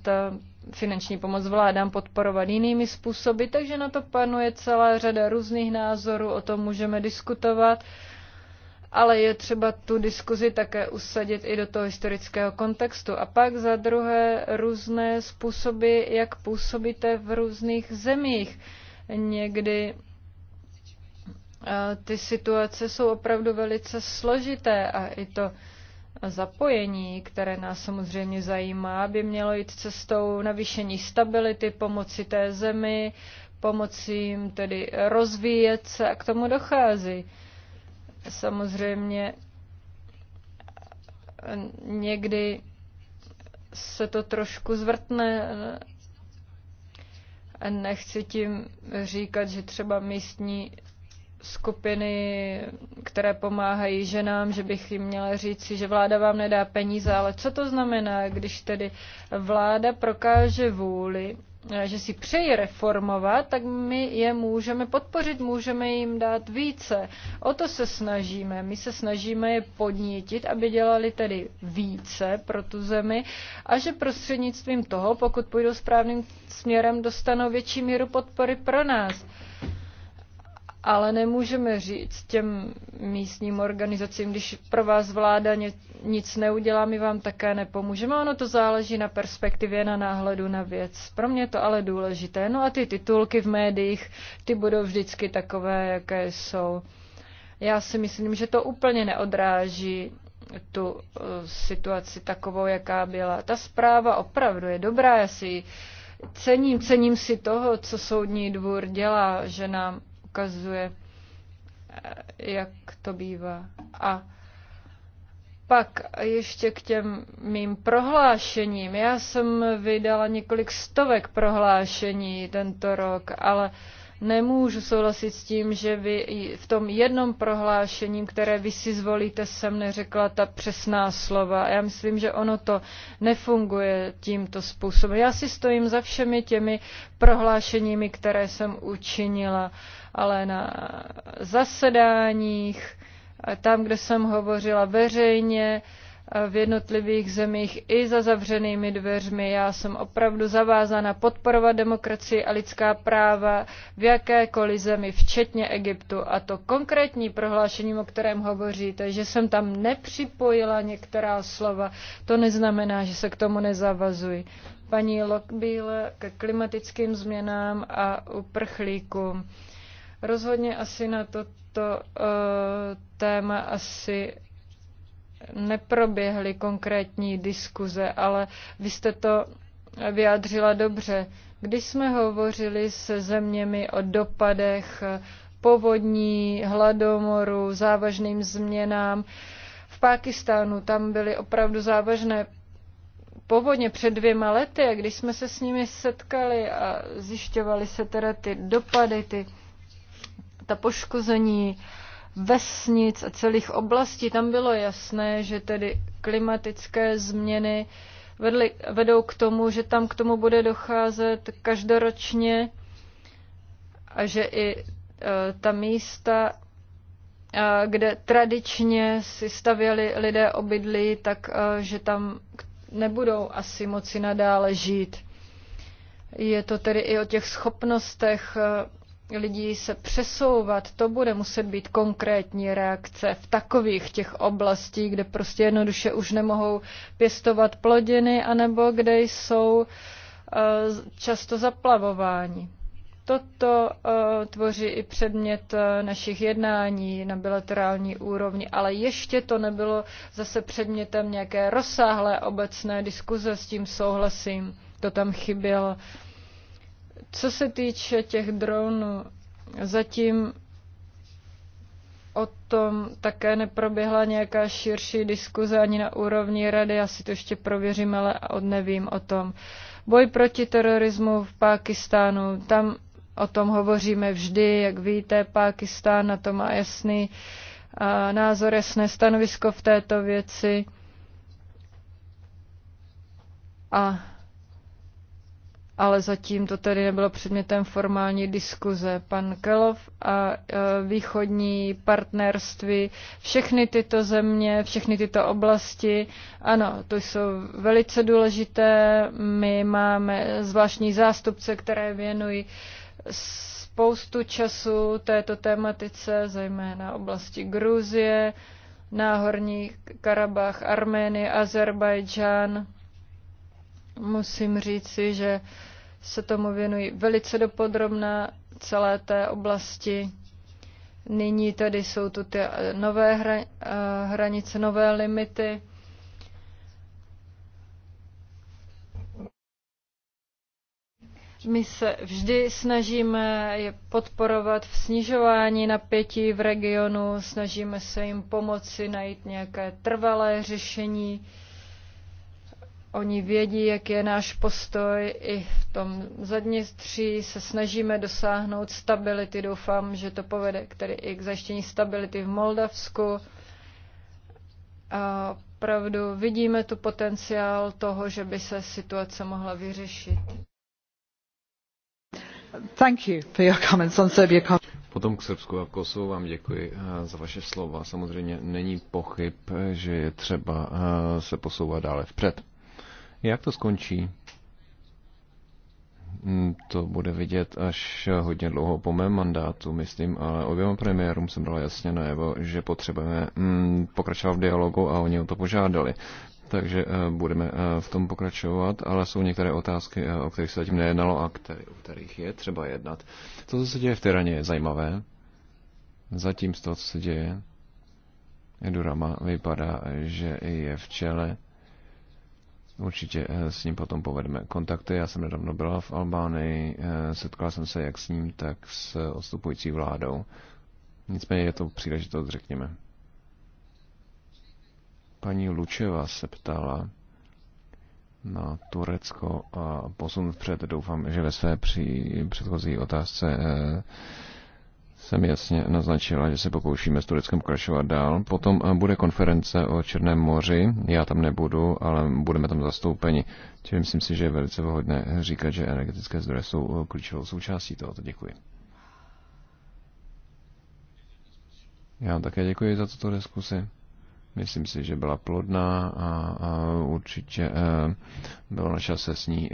finanční pomoc vládám podporovat jinými způsoby, takže na to panuje celá řada různých názorů, o tom můžeme diskutovat, ale je třeba tu diskuzi také usadit i do toho historického kontextu. A pak za druhé různé způsoby, jak působíte v různých zemích. Někdy eh, ty situace jsou opravdu velice složité a i to zapojení, které nás samozřejmě zajímá, by mělo jít cestou navýšení stability, pomoci té zemi, pomoci jim tedy rozvíjet se a k tomu dochází. Samozřejmě někdy se to trošku zvrtne. Nechci tím říkat, že třeba místní skupiny, které pomáhají ženám, že bych jim měla říci, že vláda vám nedá peníze, ale co to znamená, když tedy vláda prokáže vůli, eh, že si přeji reformovat, tak my je můžeme podpořit, můžeme jim dát více. O to se snažíme. My se snažíme je podnítit, aby dělali tedy více pro tu zemi a že prostřednictvím toho, pokud půjdou správným směrem, dostanou větší míru podpory pro nás ale nemůžeme říct těm místním organizacím, když pro vás vláda nic neudělá, my vám také nepomůžeme. Ono to záleží na perspektivě, na náhledu na věc. Pro mě je to ale důležité. No a ty titulky v médiích, ty budou vždycky takové, jaké jsou. Já si myslím, že to úplně neodráží tu uh, situaci takovou, jaká byla. Ta zpráva opravdu je dobrá, já si cením, cením si toho, co soudní dvůr dělá, že nám ukazuje, eh, jak to bývá. A pak ještě k těm mým prohlášením. Já jsem vydala několik stovek prohlášení tento rok, ale uh, Nemůžu souhlasit s tím, že vy v tom jednom prohlášení, které vy si zvolíte, jsem neřekla ta přesná slova. Já myslím, že ono to nefunguje tímto způsobem. Já si stojím za všemi těmi prohlášeními, které jsem učinila, ale na zasedáních, tam, kde jsem hovořila veřejně, v jednotlivých zemích i za zavřenými dveřmi. Já jsem opravdu zavázána podporovat demokracii a lidská práva v jakékoliv zemi, včetně Egyptu. A to konkrétní prohlášení, o kterém hovoříte, že jsem tam nepřipojila některá slova, to neznamená, že se k tomu nezavazuji. Paní Lockbíle ke klimatickým změnám a uprchlíkům. Rozhodně asi na toto uh, téma asi neproběhly konkrétní diskuze, ale vy jste to vyjádřila dobře. Když jsme hovořili se zeměmi o dopadech povodní, hladomoru, závažným změnám, v Pákistánu tam byly opravdu závažné povodně před dvěma lety a když jsme se s nimi setkali a zjišťovali se teda ty dopady, ty, ta poškození, vesnic a celých oblastí, tam bylo jasné, že tedy klimatické změny vedli, vedou k tomu, že tam k tomu bude docházet každoročně a že i e, ta místa, e, kde tradičně si stavěli lidé obydlí, tak e, že tam nebudou asi moci nadále žít. Je to tedy i o těch schopnostech lidí se přesouvat, to bude muset být konkrétní reakce v takových těch oblastí, kde prostě jednoduše už nemohou pěstovat plodiny, anebo kde jsou eh, často zaplavování. Toto eh, tvoří i předmět eh, našich jednání na bilaterální úrovni, ale ještě to nebylo zase předmětem nějaké rozsáhlé obecné diskuze, s tím souhlasím, to tam chybělo. Co se týče těch dronů, zatím o tom také neproběhla nějaká širší diskuze ani na úrovni rady, já si to ještě prověřím, ale nevím o tom. Boj proti terorismu v Pákistánu, tam o tom hovoříme vždy, jak víte, Pákistán na to má jasný názor, jasné stanovisko v této věci. A ale zatím to tady nebylo předmětem formální diskuze. Pan Kelov a e, východní partnerství, všechny tyto země, všechny tyto oblasti, ano, to jsou velice důležité. My máme zvláštní zástupce, které věnují spoustu času této tématice, zejména oblasti Gruzie, Náhorní Karabach, Arménie, Azerbajdžán Musím říci, že se tomu věnují velice dopodrobná celé té oblasti. Nyní tady jsou tu ty eh, nové hra, eh, hranice, nové limity. My se vždy snažíme je podporovat v snižování napětí v regionu, snažíme se jim pomoci najít nějaké trvalé řešení. Oni vědí, jak je náš postoj i v tom stří Se snažíme dosáhnout stability. Doufám, že to povede který i k zajištění stability v Moldavsku. A opravdu vidíme tu potenciál toho, že by se situace mohla vyřešit. Thank you for your comments on Serbia. Potom k Srbsku a Kosovu vám děkuji eh, za vaše slova. Samozřejmě není pochyb, že je třeba eh, se posouvat dále vpřed. Jak to skončí? Hmm, to bude vidět až hodně dlouho po mém mandátu, myslím, ale oběma premiérům jsem dala jasně najevo, že potřebujeme hmm, pokračovat v dialogu a oni o to požádali. Takže eh, budeme eh, v tom pokračovat, ale jsou některé otázky, eh, o kterých se zatím nejednalo a který, o kterých je třeba jednat. To, co se děje v Tyraně, je zajímavé. Zatím z toho, co se děje, Edurama vypadá, že je v čele Určitě eh, s ním potom povedeme kontakty. Já jsem nedávno byla v Albánii, eh, setkala jsem se jak s ním, tak s eh, odstupující vládou. Nicméně je to příležitost, řekněme. Paní Lučeva se ptala na Turecko a posun vpřed. Doufám, že ve své při předchozí otázce eh, jsem jasně naznačila, že se pokoušíme s Tureckem pokračovat dál. Potom eh, bude konference o Černém moři, já tam nebudu, ale budeme tam zastoupeni. Čili myslím si, že je velice vhodné říkat, že energetické zdroje jsou eh, klíčovou součástí tohoto. Děkuji. Já vám také děkuji za tuto diskusi. Myslím si, že byla plodná a, a určitě eh, bylo na čase s ní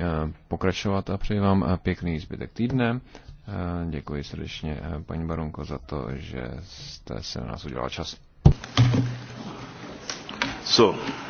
pokračovat a přeji vám pěkný zbytek týdne. Eh, děkuji srdečně, eh, paní Baronko, za to, že jste se na nás udělala čas. So.